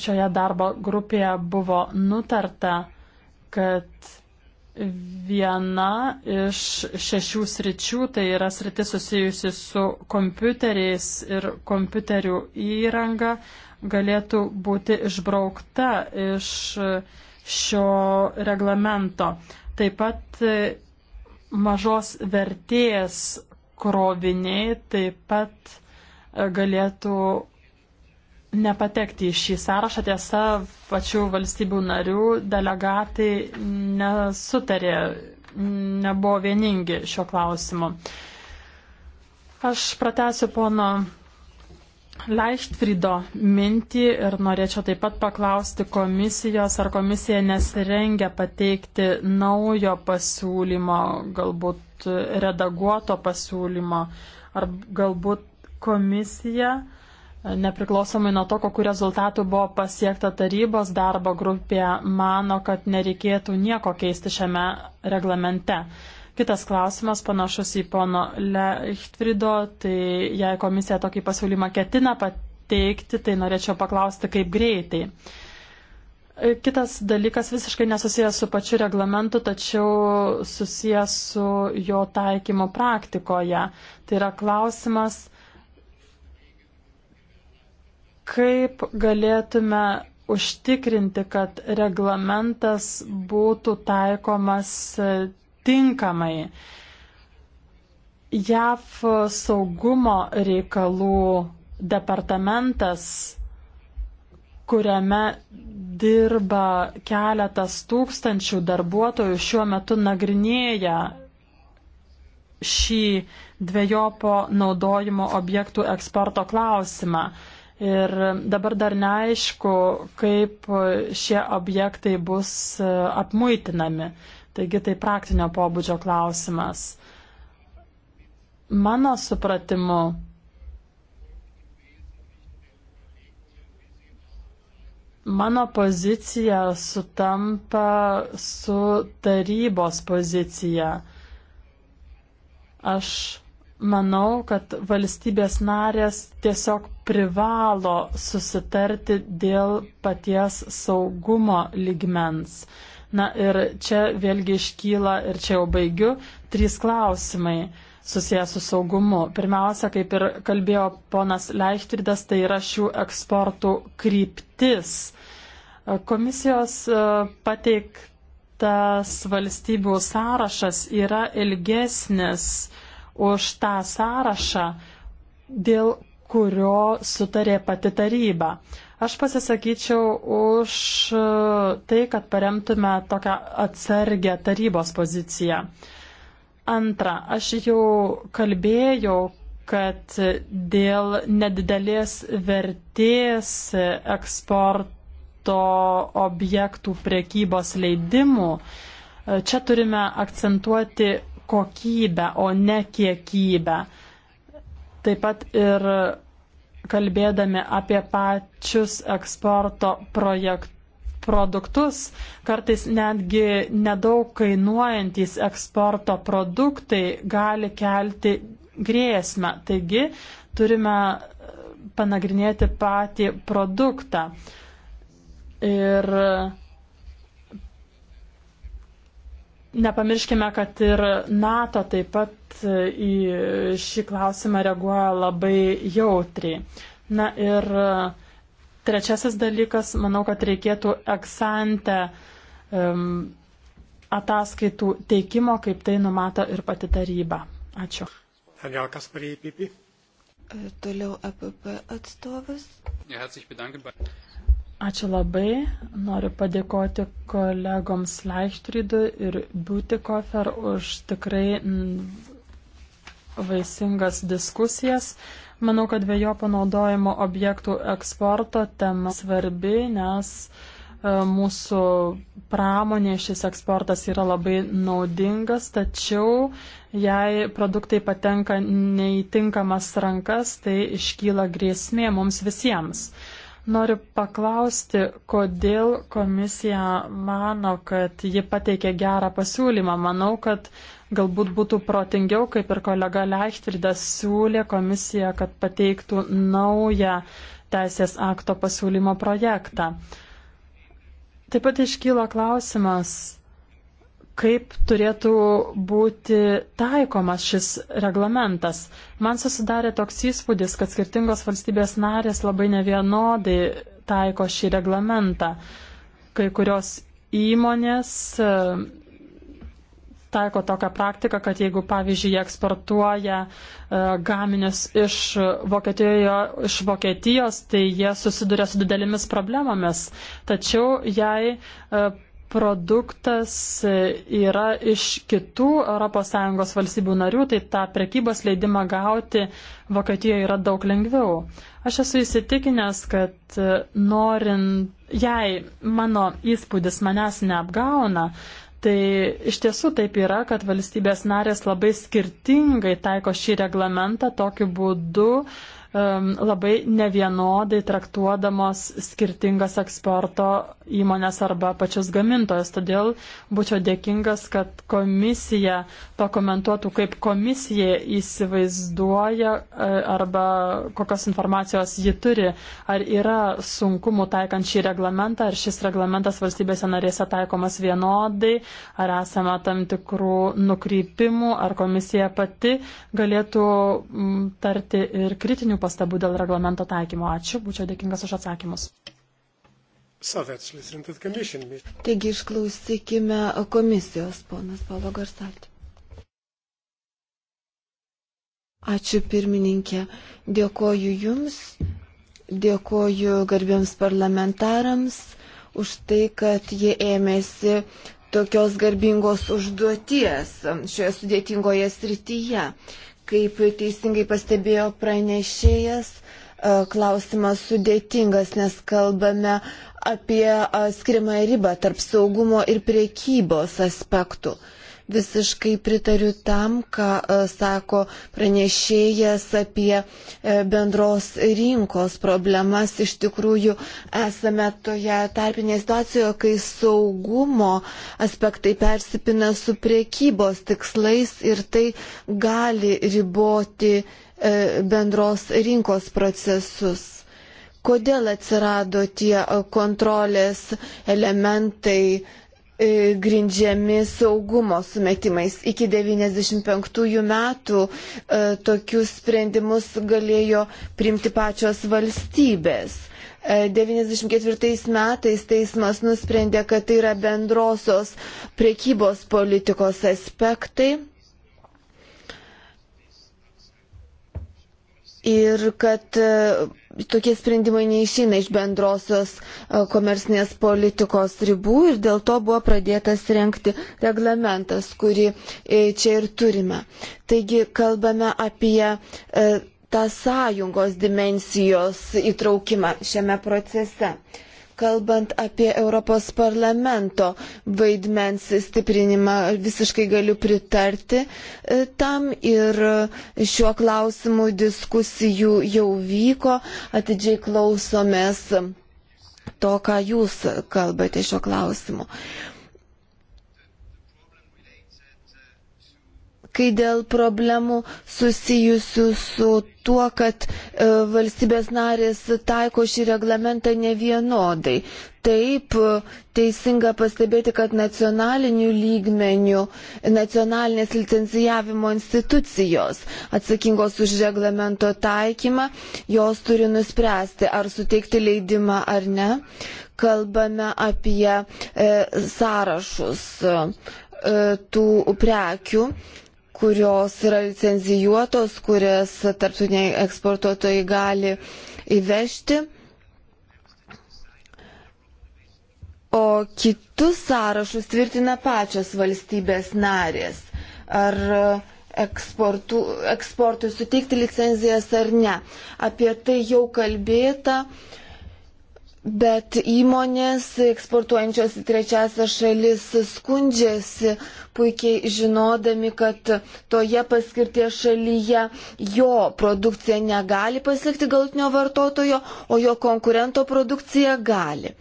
šioje darbo grupėje buvo nutarta, kad viena iš šešių sričių, tai yra sritis susijusi su kompiuteriais ir kompiuterių įranga, galėtų būti išbraukta iš šio reglamento. Taip pat mažos vertės kroviniai taip pat e, galėtų nepatekti į šį sąrašą. Tiesa, pačių valstybių narių delegatai nesutarė, nebuvo vieningi šio klausimu. Aš pratęsiu pono Leichtfriedo mintį ir norėčiau taip pat paklausti komisijos, ar komisija nesirengia pateikti naujo pasiūlymo, galbūt redaguoto pasiūlymo, ar galbūt komisija, nepriklausomai nuo to, kokiu rezultatu buvo pasiekta tarybos darbo grupė, mano, kad nereikėtų nieko keisti šiame reglamente. Kitas klausimas panašus į pono Leichtfrido, tai jei komisija tokį pasiūlymą ketina pateikti, tai norėčiau paklausti, kaip greitai. Kitas dalykas visiškai nesusijęs su pačiu reglamentu, tačiau susijęs su jo taikymo praktikoje. Tai yra klausimas, kaip galėtume užtikrinti, kad reglamentas būtų taikomas tinkamai. JAV saugumo reikalų departamentas, kuriame dirba keletas tūkstančių darbuotojų, šiuo metu nagrinėja šį dviejopo naudojimo objektų eksporto klausimą. Ir dabar dar neaišku, kaip šie objektai bus e, apmuitinami. Taigi tai praktinio pobūdžio klausimas. Mano supratimu, mano pozicija sutampa su tarybos pozicija. Aš manau, kad valstybės narės tiesiog privalo susitarti dėl paties saugumo ligmens. Na ir čia vėlgi iškyla, ir čia jau baigiu, trys klausimai susijęs su saugumu. Pirmiausia, kaip ir kalbėjo ponas Leichtvirdas, tai yra šių eksportų kryptis. Komisijos e, pateiktas valstybių sąrašas yra ilgesnis už tą sąrašą, dėl kurio sutarė pati taryba. Aš pasisakyčiau už e, tai, kad paremtume tokią atsargę tarybos poziciją. Antra, aš jau kalbėjau, kad dėl nedidelės vertės eksporto objektų prekybos leidimų e, čia turime akcentuoti kokybę, o ne kiekybę. Taip pat ir kalbėdami apie pačius eksporto projektus produktus, kartais netgi nedaug kainuojantys eksporto produktai gali kelti grėsmę. Taigi turime e, panagrinėti patį produktą. Ir Nepamirškime, kad ir NATO taip pat e, į šį klausimą reaguoja labai jautriai. Na ir e, trečiasis dalykas, manau, kad reikėtų eksante um, ataskaitų teikimo, kaip tai numato ir pati taryba. Ačiū. Daniel Kasparį, Pipi. E, toliau APP atstovas. Ačiū labai. Noriu padėkoti kolegoms Leichtridui ir Butikofer už tikrai mm, vaisingas diskusijas. Manau, kad vėjo panaudojimo objektų eksporto tema svarbi, nes e, mūsų pramonė šis eksportas yra labai naudingas, tačiau jei produktai patenka neįtinkamas rankas, tai iškyla grėsmė mums visiems. Noriu paklausti, kodėl komisija mano, kad ji pateikė gerą pasiūlymą. Manau, kad galbūt būtų protingiau, kaip ir kolega Leichtridas siūlė komisiją, kad pateiktų naują teisės akto pasiūlymo projektą. Taip pat iškyla klausimas, kaip turėtų būti taikomas šis reglamentas. Man susidarė toks įspūdis, kad skirtingos valstybės narės labai nevienodai taiko šį reglamentą. Kai kurios įmonės e, taiko tokią praktiką, kad jeigu, pavyzdžiui, jie eksportuoja e, gaminius iš, Vokietijo, iš Vokietijos, tai jie susiduria su didelėmis problemomis. Tačiau jei e, produktas yra iš kitų ES valstybių narių, tai tą prekybos leidimą gauti Vokietijoje yra daug lengviau. Aš esu įsitikinęs, kad norint, jei mano įspūdis manęs neapgauna, Tai iš tiesų taip yra, kad valstybės narės labai skirtingai taiko šį reglamentą, tokiu būdu uh, Um, labai nevienodai traktuodamos skirtingas eksporto įmonės arba pačius gamintojus. Todėl būčiau dėkingas, kad komisija pakomentuotų, kaip komisija įsivaizduoja e, arba kokios informacijos ji turi. Ar yra sunkumų taikant šį reglamentą, ar šis reglamentas valstybėse narėse taikomas vienodai, ar esame tam tikrų nukrypimų, ar komisija pati galėtų tarti ir kritinių pastabų dėl reglamento taikymo. Ačiū, būčiau dėkingas už atsakymus. Taigi išklausykime komisijos, ponas Paulo Garsalt. Ačiū pirmininkė. Dėkoju Jums, dėkoju garbiems parlamentarams už tai, kad jie ėmėsi tokios garbingos užduoties šioje sudėtingoje srityje. Kaip teisingai pastebėjo pranešėjas, e, klausimas sudėtingas, nes kalbame apie e, skirimą ribą tarp saugumo ir priekybos aspektų. Uh, visiškai pritariu tam, ką e, sako pranešėjas apie e, bendros rinkos problemas. Iš tikrųjų, esame toje tarpinėje situacijoje, kai saugumo aspektai persipina su priekybos tikslais ir tai gali riboti e, bendros rinkos procesus kodėl atsirado tie kontrolės elementai, E, grindžiami saugumo sumetimais. Iki 1995 metų e, tokius sprendimus galėjo priimti pačios valstybės. 1994 e, metais teismas nusprendė, kad tai yra bendrosios prekybos politikos aspektai ir kad e, tokie sprendimai neišeina iš bendrosios e, komersinės politikos ribų ir dėl to buvo pradėtas renkti reglamentas, kurį e, čia ir turime. Taigi kalbame apie tą sąjungos dimensijos įtraukimą šiame procese kalbant apie Europos parlamento vaidmens stiprinimą, visiškai galiu pritarti e, tam ir šiuo klausimu diskusijų jau vyko, atidžiai klausomės to, ką jūs kalbate šiuo klausimu. kai dėl problemų susijusių su tuo, kad e, valstybės narės taiko šį reglamentą nevienodai. Taip, e, teisinga pastebėti, kad nacionalinių lygmenių nacionalinės licencijavimo institucijos atsakingos už reglamento taikymą, jos turi nuspręsti, ar suteikti leidimą ar ne. Kalbame apie e, sąrašus e, tų prekių, kurios yra licencijuotos, kurias tarptautiniai eksportuotojai gali įvežti. O kitus sąrašus tvirtina pačios valstybės narės. Ar e, eksportu, eksportui suteikti licenzijas ar ne. Apie tai jau kalbėta. Bet įmonės eksportuojančios į trečiasią šalis skundžiasi, puikiai žinodami, kad toje paskirtie šalyje jo produkcija negali pasiekti galutinio vartotojo, o jo konkurento produkcija gali.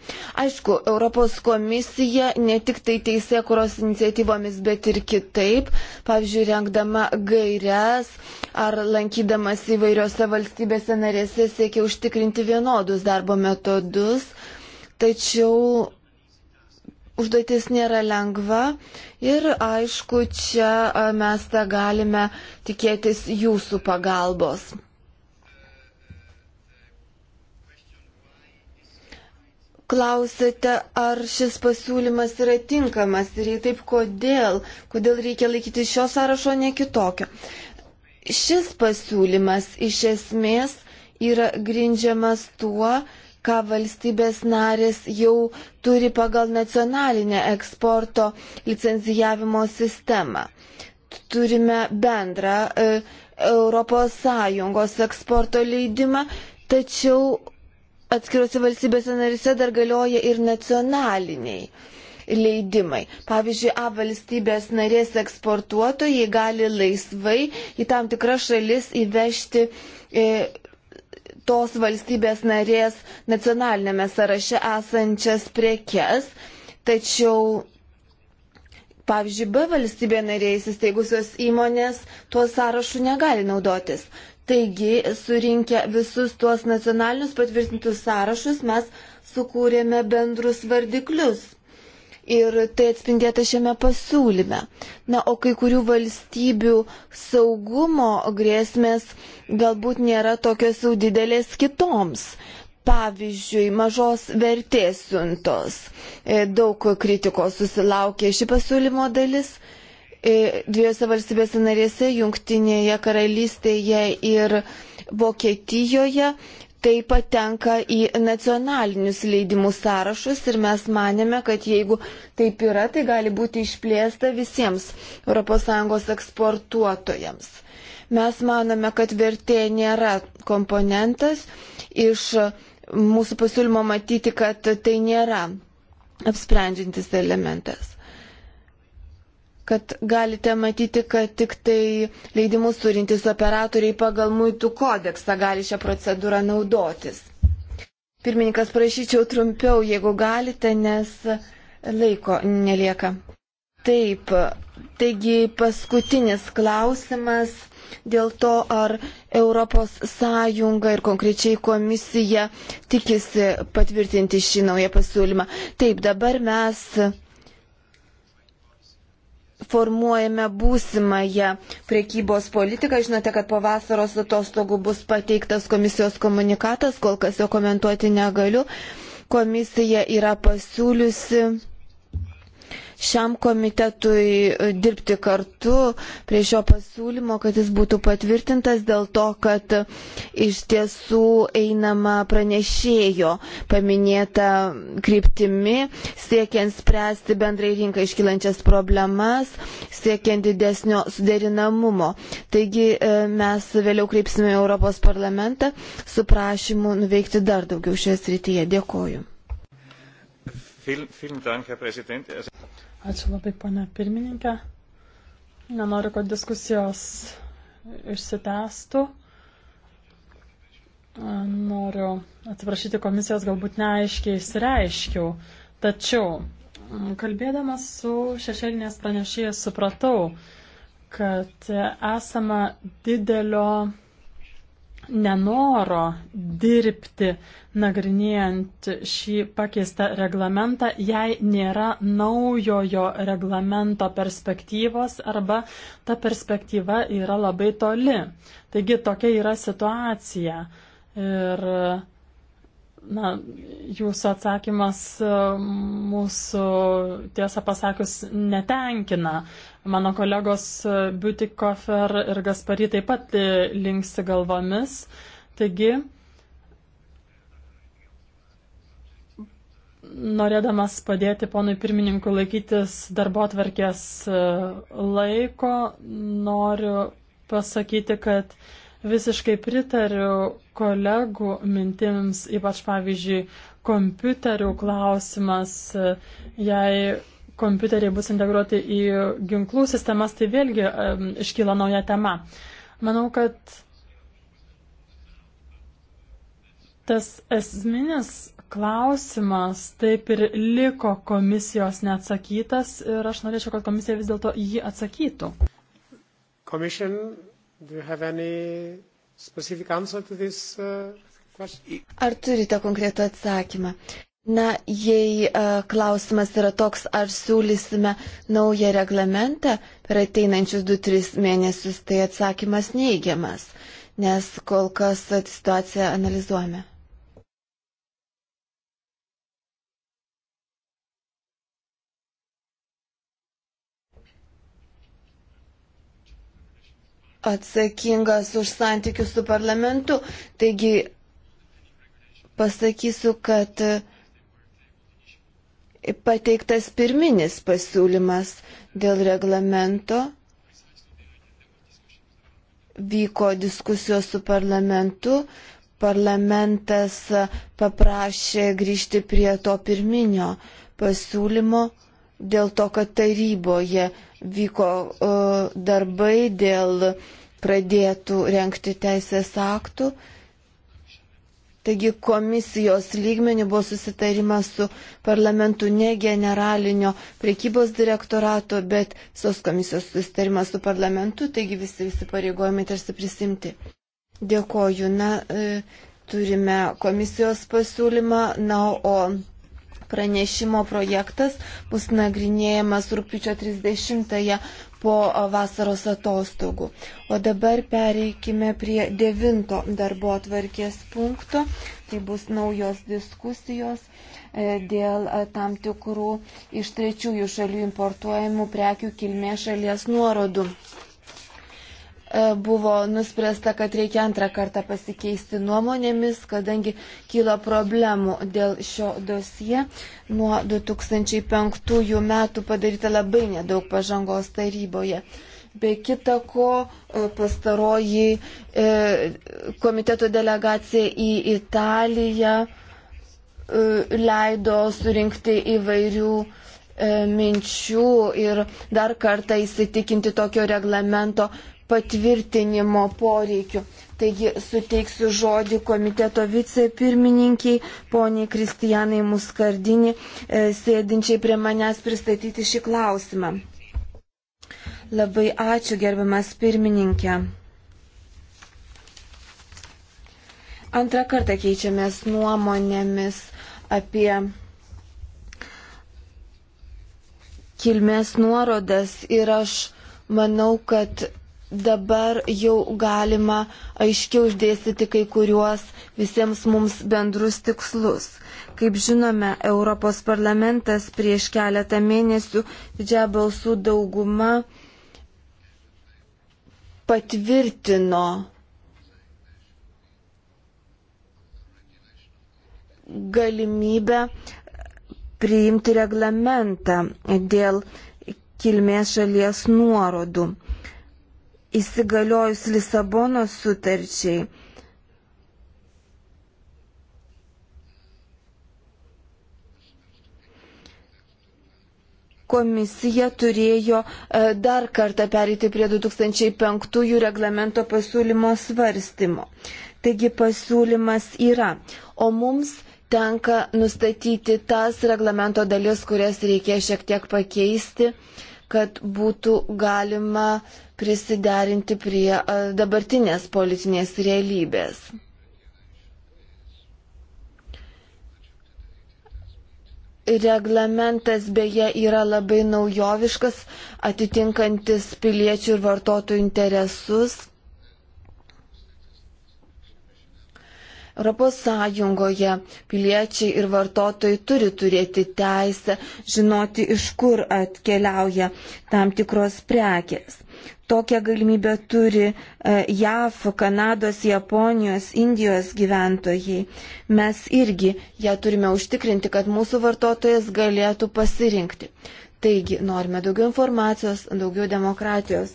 Aišku, Europos komisija ne tik tai teisė, kurios iniciatyvomis, bet ir kitaip, pavyzdžiui, renkdama gairias ar lankydamas įvairiose valstybėse narėse siekia užtikrinti vienodus darbo metodus. Tačiau Užduotis nėra lengva ir aišku, čia mes tą galime tikėtis jūsų pagalbos. Klausėte, ar šis pasiūlymas yra tinkamas ir jei taip, kodėl, kodėl reikia laikyti šio sąrašo, ne kitokio. Šis pasiūlymas iš esmės yra grindžiamas tuo, ką valstybės narės jau turi pagal nacionalinę eksporto licenzijavimo sistemą. Turime bendrą ES eksporto leidimą, tačiau atskirose valstybėse narise dar galioja ir nacionaliniai leidimai. Pavyzdžiui, A valstybės narės eksportuotojai gali laisvai į tam tikras šalis įvežti e, tos valstybės narės nacionalinėme sąraše esančias prekes, tačiau, pavyzdžiui, B valstybė narė įsisteigusios įmonės tuo sąrašu negali naudotis. Taigi, surinkę visus tuos nacionalinius patvirtintus sąrašus, mes sukūrėme bendrus vardiklius ir tai atspindėta šiame pasiūlyme. Na, o kai kurių valstybių saugumo grėsmės galbūt nėra tokios jau didelės kitoms. Pavyzdžiui, mažos vertės siuntos. E, daug kritikos susilaukė ši pasiūlymo dalis. E, dviejose valstybėse narėse, Junktinėje karalystėje ir Vokietijoje tai patenka į nacionalinius leidimų sąrašus ir mes manėme, kad jeigu taip yra, tai gali būti išplėsta visiems ES eksportuotojams. Mes manome, kad vertė nėra komponentas. Iš mūsų pasiūlymo matyti, kad tai nėra apsprendžiantis elementas kad galite matyti, kad tik tai leidimus turintys operatoriai pagal muitų kodeksą gali šią procedūrą naudotis. Pirmininkas, prašyčiau trumpiau, jeigu galite, nes laiko nelieka. Taip, taigi paskutinis klausimas dėl to, ar ES ir konkrečiai komisija tikisi patvirtinti šį naują pasiūlymą. Taip, dabar mes formuojame būsimąją prekybos politiką. Žinote, kad po vasaros atostogų bus pateiktas komisijos komunikatas, kol kas jo komentuoti negaliu. Komisija yra pasiūliusi šiam komitetui e, dirbti kartu prie šio pasiūlymo, kad jis būtų patvirtintas dėl to, kad iš tiesų einama pranešėjo paminėta kryptimi, siekiant spręsti bendrai rinką iškilančias problemas, siekiant didesnio suderinamumo. Taigi e, mes vėliau kreipsime Europos parlamentą su prašymu nuveikti dar daugiau šioje srityje. Dėkoju. Vielen, vielen Dank, Herr Präsident. Ačiū labai, ponia pirmininkė. Nenoriu, kad diskusijos išsitęstų. Noriu atsiprašyti komisijos, galbūt neaiškiai įsireiškiau, tačiau mm, kalbėdamas su šešėlinės pranešėjas supratau, kad esama didelio nenoro dirbti nagrinėjant šį pakeistą reglamentą, jei nėra naujojo reglamento perspektyvos arba ta perspektyva yra labai toli. Taigi tokia yra situacija. Ir na, jūsų atsakymas mūsų, tiesą pasakius, netenkina. Mano kolegos e, Butikofer ir Gaspary taip pat e, linksi galvomis. Taigi, norėdamas padėti ponui pirmininkui laikytis darbo atverkės e, laiko, noriu pasakyti, kad visiškai pritariu kolegų mintims, ypač pavyzdžiui, kompiuterių klausimas, jei kompiuteriai bus integruoti į ginklų sistemas, tai vėlgi iškyla nauja tema. Manau, kad tas esminis klausimas taip ir liko komisijos neatsakytas ir aš norėčiau, kad komisija vis dėlto jį atsakytų. Commission, do you have any specific answer to this uh, question? Ar turite konkretų atsakymą? Na, jei uh, klausimas yra toks, ar siūlysime naują reglamentą per ateinančius 2-3 mėnesius, tai atsakymas neigiamas, nes kol kas situaciją analizuojame. Atsakingas už santykius su parlamentu, taigi pasakysiu, kad uh, pateiktas pirminis pasiūlymas dėl reglamento. Vyko diskusijos su parlamentu, parlamentas paprašė grįžti prie to pirminio pasiūlymo dėl to, kad taryboje vyko uh, darbai dėl pradėtų renkti teisės aktų. Uh, Taigi komisijos lygmenių buvo susitarimas su parlamentu ne generalinio priekybos direktorato, bet visos komisijos susitarimas su parlamentu, taigi visi, visi pareigojami tarsi prisimti. Dėkoju. Na, e, turime komisijos pasiūlymą, na, o pranešimo projektas bus nagrinėjamas rūpiučio 30-ąją po vasaros atostogų. O dabar pereikime prie devinto darbo atvarkės punkto. Tai bus naujos diskusijos e, dėl e, tam tikrų iš trečiųjų šalių importuojamų prekių kilmės šalies nuorodų. E, buvo nuspręsta, kad reikia antrą kartą pasikeisti nuomonėmis, kadangi kilo problemų dėl šio dosie. Nuo 2005 metų padaryta labai nedaug pažangos taryboje. Be kita ko, e, pastaroji e, komiteto delegacija į Italiją leido surinkti įvairių minčių ir dar kartą įsitikinti tokio reglamento patvirtinimo poreikiu. Taigi suteiksiu žodį komiteto vicepirmininkiai, poniai Kristijanai Muskardini, e, sėdinčiai prie manęs pristatyti šį klausimą. Labai ačiū, gerbiamas pirmininkė. Antrą kartą keičiamės nuomonėmis apie kilmės nuorodas ir aš manau, kad dabar jau galima aiškiau išdėstyti kai kuriuos visiems mums bendrus tikslus. Kaip žinome, Europos parlamentas prieš keletą mėnesių didžiąją balsų daugumą patvirtino galimybę priimti reglamentą dėl kilmės šalies nuorodų įsigaliojus Lisabono sutarčiai. Komisija turėjo e, dar kartą pereiti prie 2005 reglamento pasiūlymo svarstymo. Taigi pasiūlymas yra, o mums tenka nustatyti tas reglamento dalis, kurias reikės šiek tiek pakeisti. Uh, kad būtų galima prisiderinti prie dabartinės politinės realybės. Reglamentas beje yra labai naujoviškas, atitinkantis piliečių ir vartotojų interesus. ES piliečiai ir vartotojai turi turėti teisę žinoti, iš kur atkeliauja tam tikros prekės. Tokią galimybę turi e, JAV, Kanados, Japonijos, Indijos gyventojai. Mes irgi ją turime užtikrinti, kad mūsų vartotojas galėtų pasirinkti. Taigi, norime daugiau informacijos, daugiau demokratijos.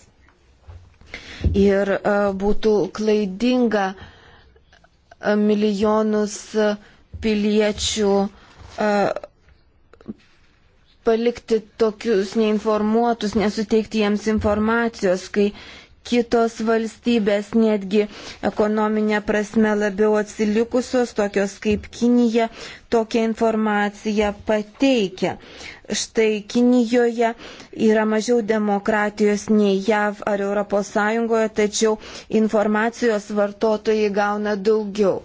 Ir e, būtų klaidinga uh, milijonus piliečių e, palikti tokius neinformuotus, nesuteikti jiems informacijos, kai kitos valstybės, netgi ekonominė prasme labiau atsilikusios, tokios kaip Kinija, tokią informaciją pateikia. Štai Kinijoje yra mažiau demokratijos nei JAV ar ES, tačiau informacijos vartotojai gauna daugiau.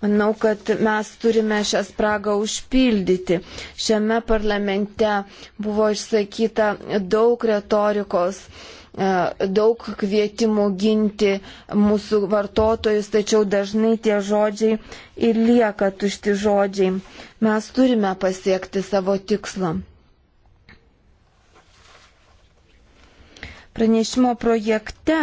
Manau, kad mes turime šią spragą užpildyti. Šiame parlamente buvo išsakyta daug retorikos E, daug kvietimų ginti mūsų vartotojus, tačiau dažnai tie žodžiai ir lieka tušti žodžiai. Mes turime pasiekti savo tikslą. Pranešimo projekte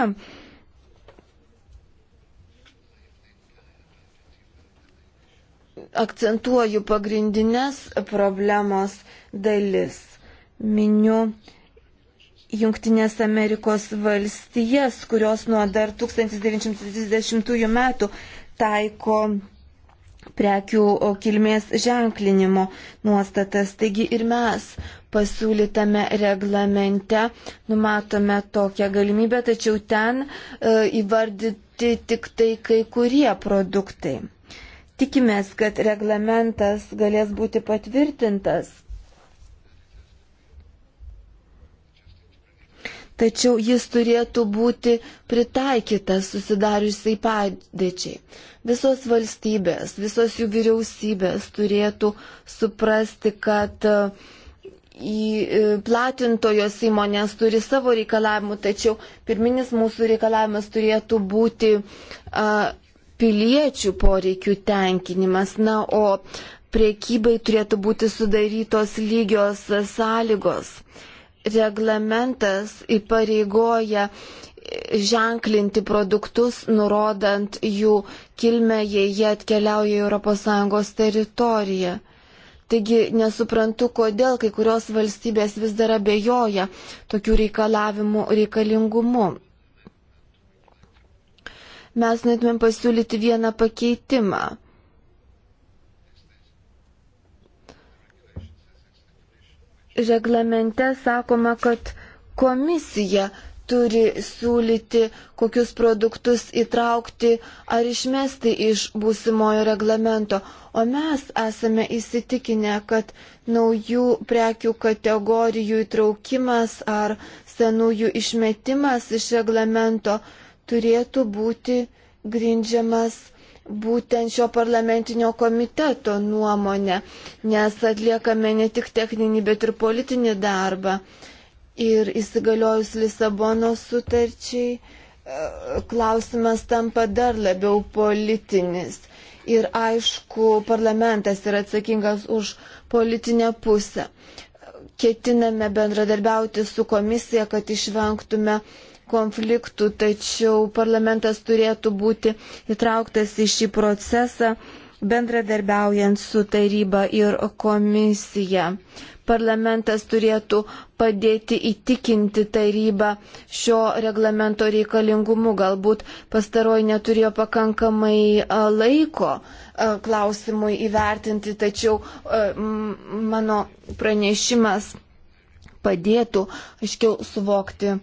akcentuoju pagrindinės problemos dalis. Miniu Junktinės Amerikos valstijas, kurios nuo dar 1930 metų taiko prekių kilmės ženklinimo nuostatas. Taigi ir mes pasiūlytame reglamente numatome tokią galimybę, tačiau ten e, įvardyti tik tai kai kurie produktai. Tikimės, kad reglamentas galės būti patvirtintas tačiau jis turėtų būti pritaikytas susidariusiai padėčiai. Visos valstybės, visos jų vyriausybės turėtų suprasti, kad e, į e, platintojos įmonės turi savo reikalavimų, tačiau pirminis mūsų reikalavimas turėtų būti a, piliečių poreikių tenkinimas. Na, o priekybai turėtų būti sudarytos lygios sąlygos reglamentas įpareigoja ženklinti produktus, nurodant jų kilmę, jei jie atkeliauja į ES teritoriją. Taigi nesuprantu, kodėl kai kurios valstybės vis dar abejoja tokių reikalavimų reikalingumu. Mes norėtumėm pasiūlyti vieną pakeitimą reglamente sakoma, kad komisija turi siūlyti, kokius produktus įtraukti ar išmesti iš būsimojo reglamento. O mes esame įsitikinę, kad naujų prekių kategorijų įtraukimas ar senųjų išmetimas iš reglamento turėtų būti grindžiamas būtent šio parlamentinio komiteto nuomonę, nes atliekame ne tik techninį, bet ir politinį darbą. Ir įsigaliojus Lisabono sutarčiai, e, klausimas tampa dar labiau politinis. Ir aišku, parlamentas yra atsakingas už politinę pusę. Ketiname bendradarbiauti su komisija, kad išvengtume uh, konfliktų, tačiau parlamentas turėtų būti įtrauktas į šį procesą bendradarbiaujant su taryba ir komisija. Parlamentas turėtų padėti įtikinti tarybą šio reglamento reikalingumu. Galbūt pastaroji neturėjo pakankamai laiko klausimui įvertinti, tačiau mano pranešimas padėtų aiškiau suvokti e,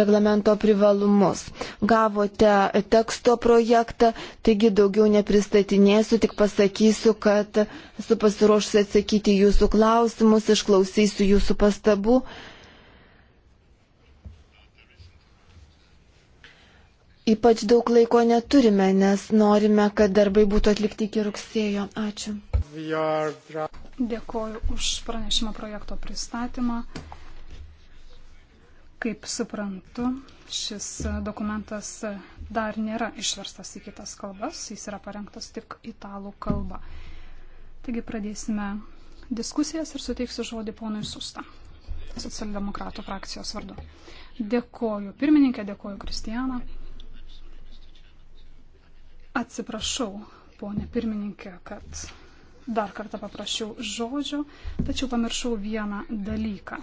reglamento privalumus. Gavote teksto projektą, taigi daugiau nepristatinėsiu, tik pasakysiu, kad esu pasiruošusi atsakyti jūsų klausimus, išklausysiu jūsų pastabų. Ypač daug laiko neturime, nes norime, kad darbai būtų atlikti iki rugsėjo. Ačiū. Dėkoju už pranešimo projekto pristatymą. Kaip suprantu, šis dokumentas dar nėra išverstas į kitas kalbas, jis yra parengtas tik italų kalba. Taigi pradėsime diskusijas ir suteiksiu žodį ponui Susta, socialdemokratų frakcijos vardu. Dėkoju pirmininkė, dėkoju Kristijaną. Atsiprašau, ponė pirmininkė, kad Dar kartą paprašiau žodžio, tačiau pamiršau vieną dalyką.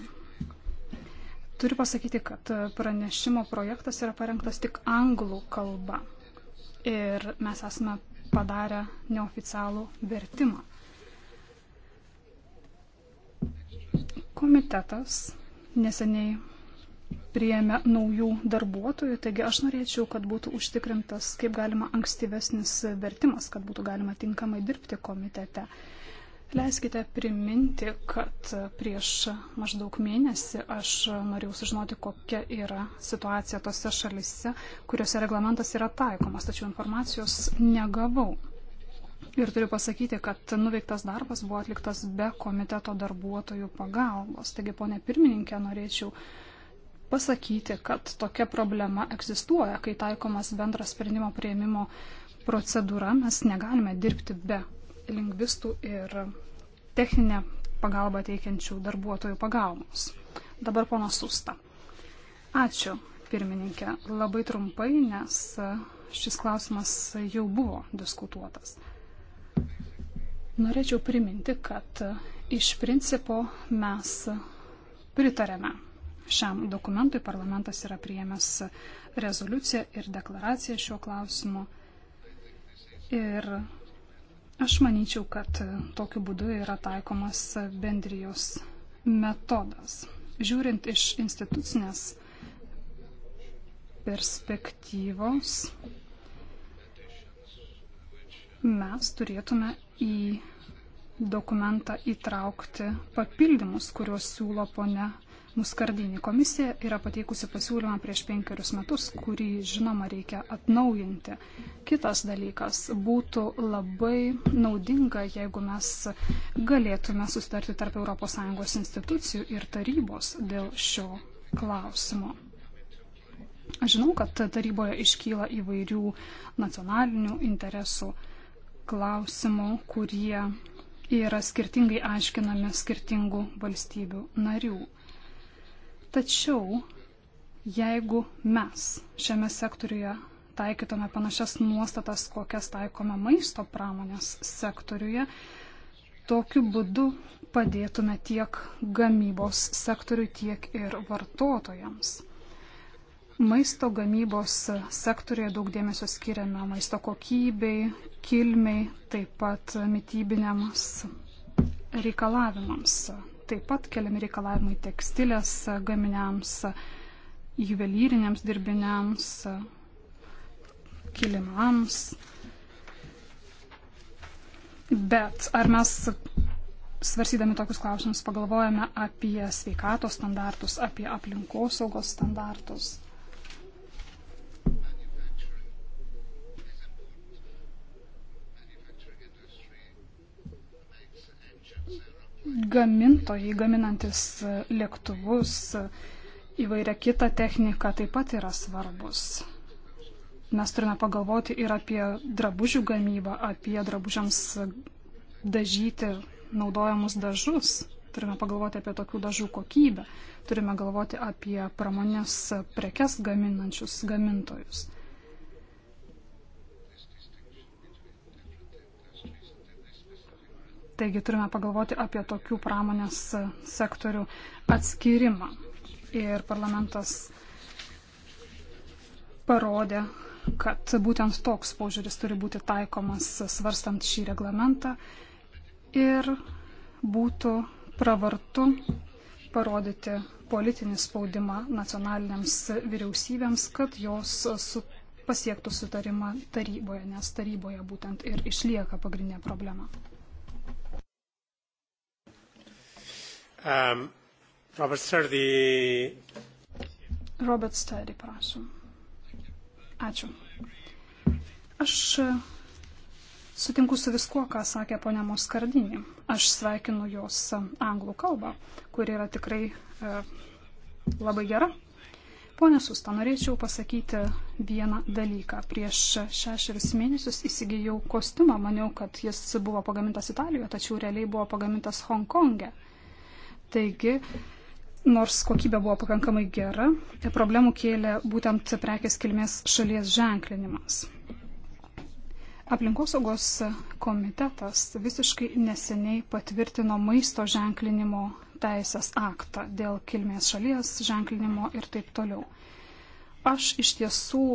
Turiu pasakyti, kad pranešimo projektas yra parengtas tik anglų kalba. Ir mes esame padarę neoficialų vertimą. Komitetas neseniai prieėmė naujų darbuotojų, taigi aš norėčiau, kad būtų užtikrintas kaip galima ankstyvesnis vertimas, kad būtų galima tinkamai dirbti komitete. Leiskite priminti, kad prieš maždaug mėnesį aš norėjau sužinoti, kokia yra situacija tose šalise, kuriuose reglamentas yra taikomas, tačiau informacijos negavau. Ir turiu pasakyti, kad nuveiktas darbas buvo atliktas be komiteto darbuotojų pagalbos. Taigi, ponė pirmininkė, norėčiau uh, pasakyti, kad tokia problema egzistuoja, kai taikomas bendras sprendimo prieimimo procedūra, mes negalime dirbti be lingvistų ir techninę pagalbą teikiančių darbuotojų pagalbos. Dabar pono Susta. Ačiū, pirmininkė. Labai trumpai, nes šis klausimas jau buvo diskutuotas. Norėčiau priminti, kad iš principo mes pritarėme šiam dokumentui. Parlamentas yra priėmęs rezoliuciją ir deklaraciją šiuo klausimu. Ir aš manyčiau, kad tokiu būdu yra taikomas bendrijos metodas. Žiūrint iš institucinės perspektyvos, mes turėtume į dokumentą įtraukti papildymus, kuriuos siūlo ponia Muskardinį komisija yra pateikusi pasiūlymą prieš penkerius metus, kurį žinoma reikia atnaujinti. Kitas dalykas būtų labai naudinga, jeigu mes galėtume susitarti tarp ES institucijų ir tarybos dėl šio klausimo. Aš žinau, kad taryboje iškyla įvairių nacionalinių interesų klausimų, kurie yra skirtingai aiškinami skirtingų valstybių narių. Tačiau jeigu mes šiame sektoriuje taikytume panašias nuostatas, kokias taikome maisto pramonės sektoriuje, tokiu būdu padėtume tiek gamybos sektoriui, tiek ir vartotojams. Maisto gamybos sektorėje daug dėmesio skiriame maisto kokybei, kilmei, taip pat mytybinėms reikalavimams Taip pat keliami reikalavimai tekstilės gaminiams, juvelyriniams dirbiniams, kilimams. Bet ar mes svarsydami tokius klausimus pagalvojame apie sveikatos standartus, apie aplinkosaugos standartus? Gamintojai gaminantis lėktuvus įvairia kita technika taip pat yra svarbus. Mes turime pagalvoti ir apie drabužių gamybą, apie drabužiams dažyti naudojamus dažus. Turime pagalvoti apie tokių dažų kokybę. Turime galvoti apie pramonės prekes gaminančius gamintojus. Taigi turime pagalvoti apie tokių pramonės sektorių atskirimą. Ir parlamentas parodė, kad būtent toks požiūris turi būti taikomas svarstant šį reglamentą ir būtų pravartu parodyti politinį spaudimą nacionalinėms vyriausybėms, kad jos su, pasiektų sutarimą taryboje, nes taryboje būtent ir išlieka pagrindinė problema. Um, Robert Sturdy. Robert Sturdy, prašom. Ačiū. Aš e, sutinku su viskuo, ką sakė ponia Moskardinė. Aš sveikinu jos e, anglų kalbą, kuri yra tikrai e, labai gera. Pone Susta, norėčiau pasakyti vieną dalyką. Prieš šešerius mėnesius įsigijau kostiumą, maniau, kad jis buvo pagamintas Italijoje, tačiau realiai buvo pagamintas Hongkonge. E Taigi, nors kokybė buvo pakankamai gera, problemų kėlė būtent prekės kilmės šalies ženklinimas. Aplinkosaugos komitetas visiškai neseniai patvirtino maisto ženklinimo teisės aktą dėl kilmės šalies ženklinimo ir taip toliau. Aš iš tiesų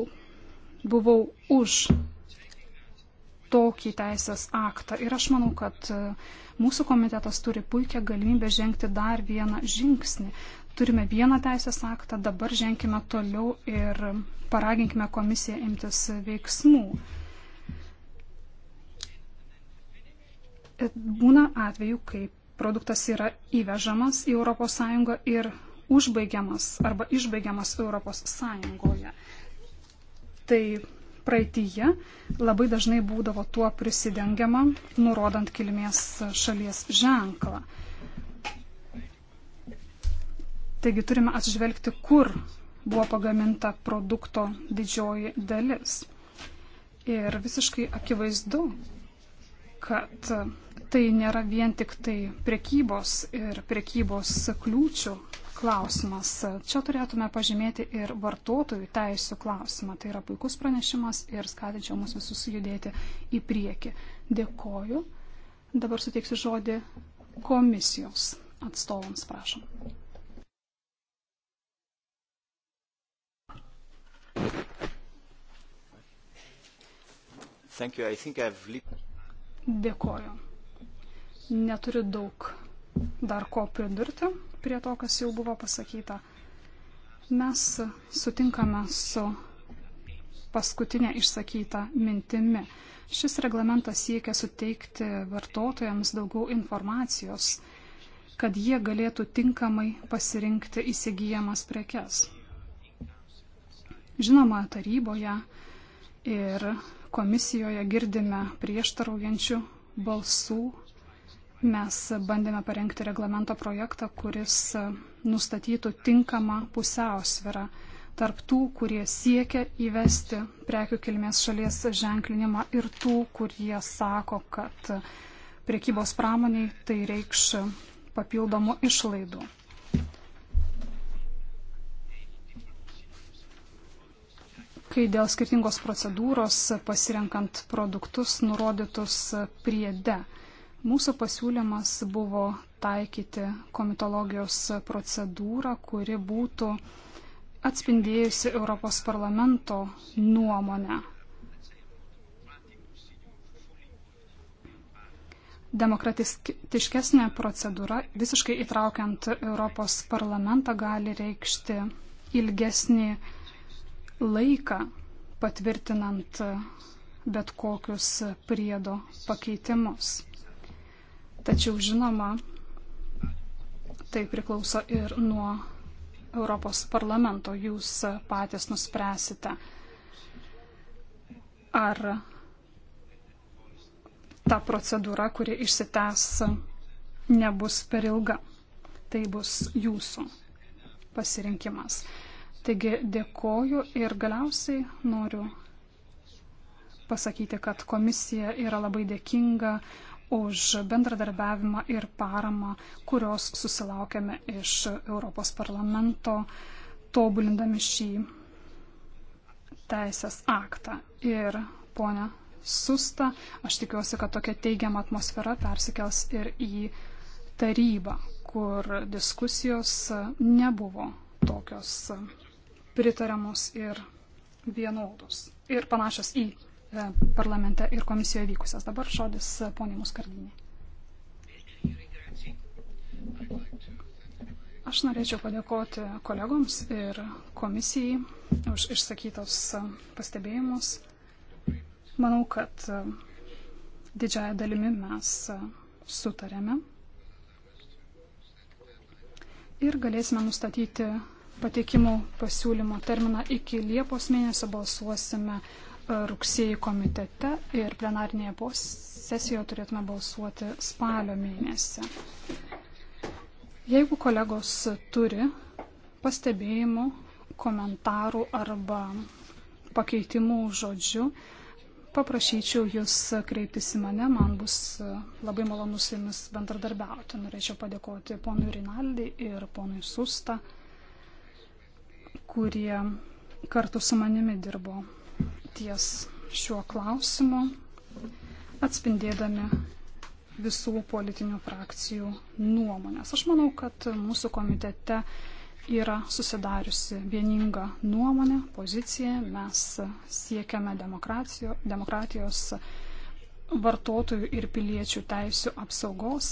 buvau už tokį teisės aktą. Ir aš manau, kad e, mūsų komitetas turi puikią galimybę žengti dar vieną žingsnį. Turime vieną teisės aktą, dabar ženkime toliau ir paraginkime komisiją imtis veiksmų. E, būna atveju, kai produktas yra įvežamas į ES ir užbaigiamas arba išbaigiamas ES. Tai praeitįje labai dažnai būdavo tuo prisidengiama, nurodant kilmės šalies ženklą. Taigi turime atsižvelgti, kur buvo pagaminta produkto didžioji dalis. Ir visiškai akivaizdu, kad tai nėra vien tik tai prekybos ir prekybos kliūčių klausimas. Čia turėtume pažymėti ir vartotojų teisų klausimą. Tai yra puikus pranešimas ir skatinčiau mus visus judėti į priekį. Dėkoju. Dabar suteiksiu žodį komisijos atstovams, prašom. Dėkoju. Neturiu daug dar ko pridurti prie to, kas jau buvo pasakyta. Mes sutinkame su paskutinė išsakyta mintimi. Šis reglamentas siekia suteikti vartotojams daugiau informacijos, kad jie galėtų tinkamai pasirinkti įsigijamas prekes. Žinoma, taryboje ir komisijoje girdime prieštaraujančių balsų Mes bandėme parengti reglamento projektą, kuris nustatytų tinkamą pusiausvirą tarp tų, kurie siekia įvesti prekių kilmės šalies ženklinimą ir tų, kurie sako, kad priekybos pramoniai tai reikš papildomų išlaidų. kai dėl skirtingos procedūros pasirenkant produktus nurodytus priede. Mūsų pasiūlymas buvo taikyti komitologijos procedūrą, kuri būtų atspindėjusi Europos parlamento nuomonę. Demokratiškesnė procedūra, visiškai įtraukiant Europos parlamentą, gali reikšti ilgesnį laiką patvirtinant bet kokius priedo pakeitimus. Tačiau žinoma, tai priklauso ir nuo Europos parlamento. Jūs patys nuspręsite, ar ta procedūra, kuri išsitęs, nebus per ilga. Tai bus jūsų pasirinkimas. Taigi dėkoju ir galiausiai noriu pasakyti, kad komisija yra labai dėkinga už bendradarbiavimą ir paramą, kurios susilaukėme iš Europos parlamento, tobulindami šį teisės aktą. Ir, ponia Susta, aš tikiuosi, kad tokia teigiama atmosfera persikels ir į tarybą, kur diskusijos nebuvo tokios pritariamos ir vienodos ir panašios į E, parlamente ir komisijoje vykusias. Dabar žodis e, poniai Muskardinė. Aš norėčiau padėkoti kolegoms ir komisijai už išsakytos e, pastebėjimus. Manau, kad didžiaja dalimi mes sutarėme ir galėsime nustatyti pateikimų pasiūlymo terminą iki Liepos mėnesio balsuosime rugsėjį komitete ir plenarnėje sesijoje turėtume balsuoti spalio mėnesį. Jeigu kolegos turi pastebėjimų, komentarų arba pakeitimų žodžių, paprašyčiau jūs kreiptis į mane, man bus labai malonu su jumis bendradarbiauti. Norėčiau padėkoti ponui Rinaldi ir ponui Susta, kurie kartu su manimi dirbo ties šiuo klausimu, atspindėdami visų politinių frakcijų nuomonės. Aš manau, kad mūsų komitete yra susidariusi vieninga nuomonė, pozicija. Mes siekiame demokratijos vartotojų ir piliečių teisų apsaugos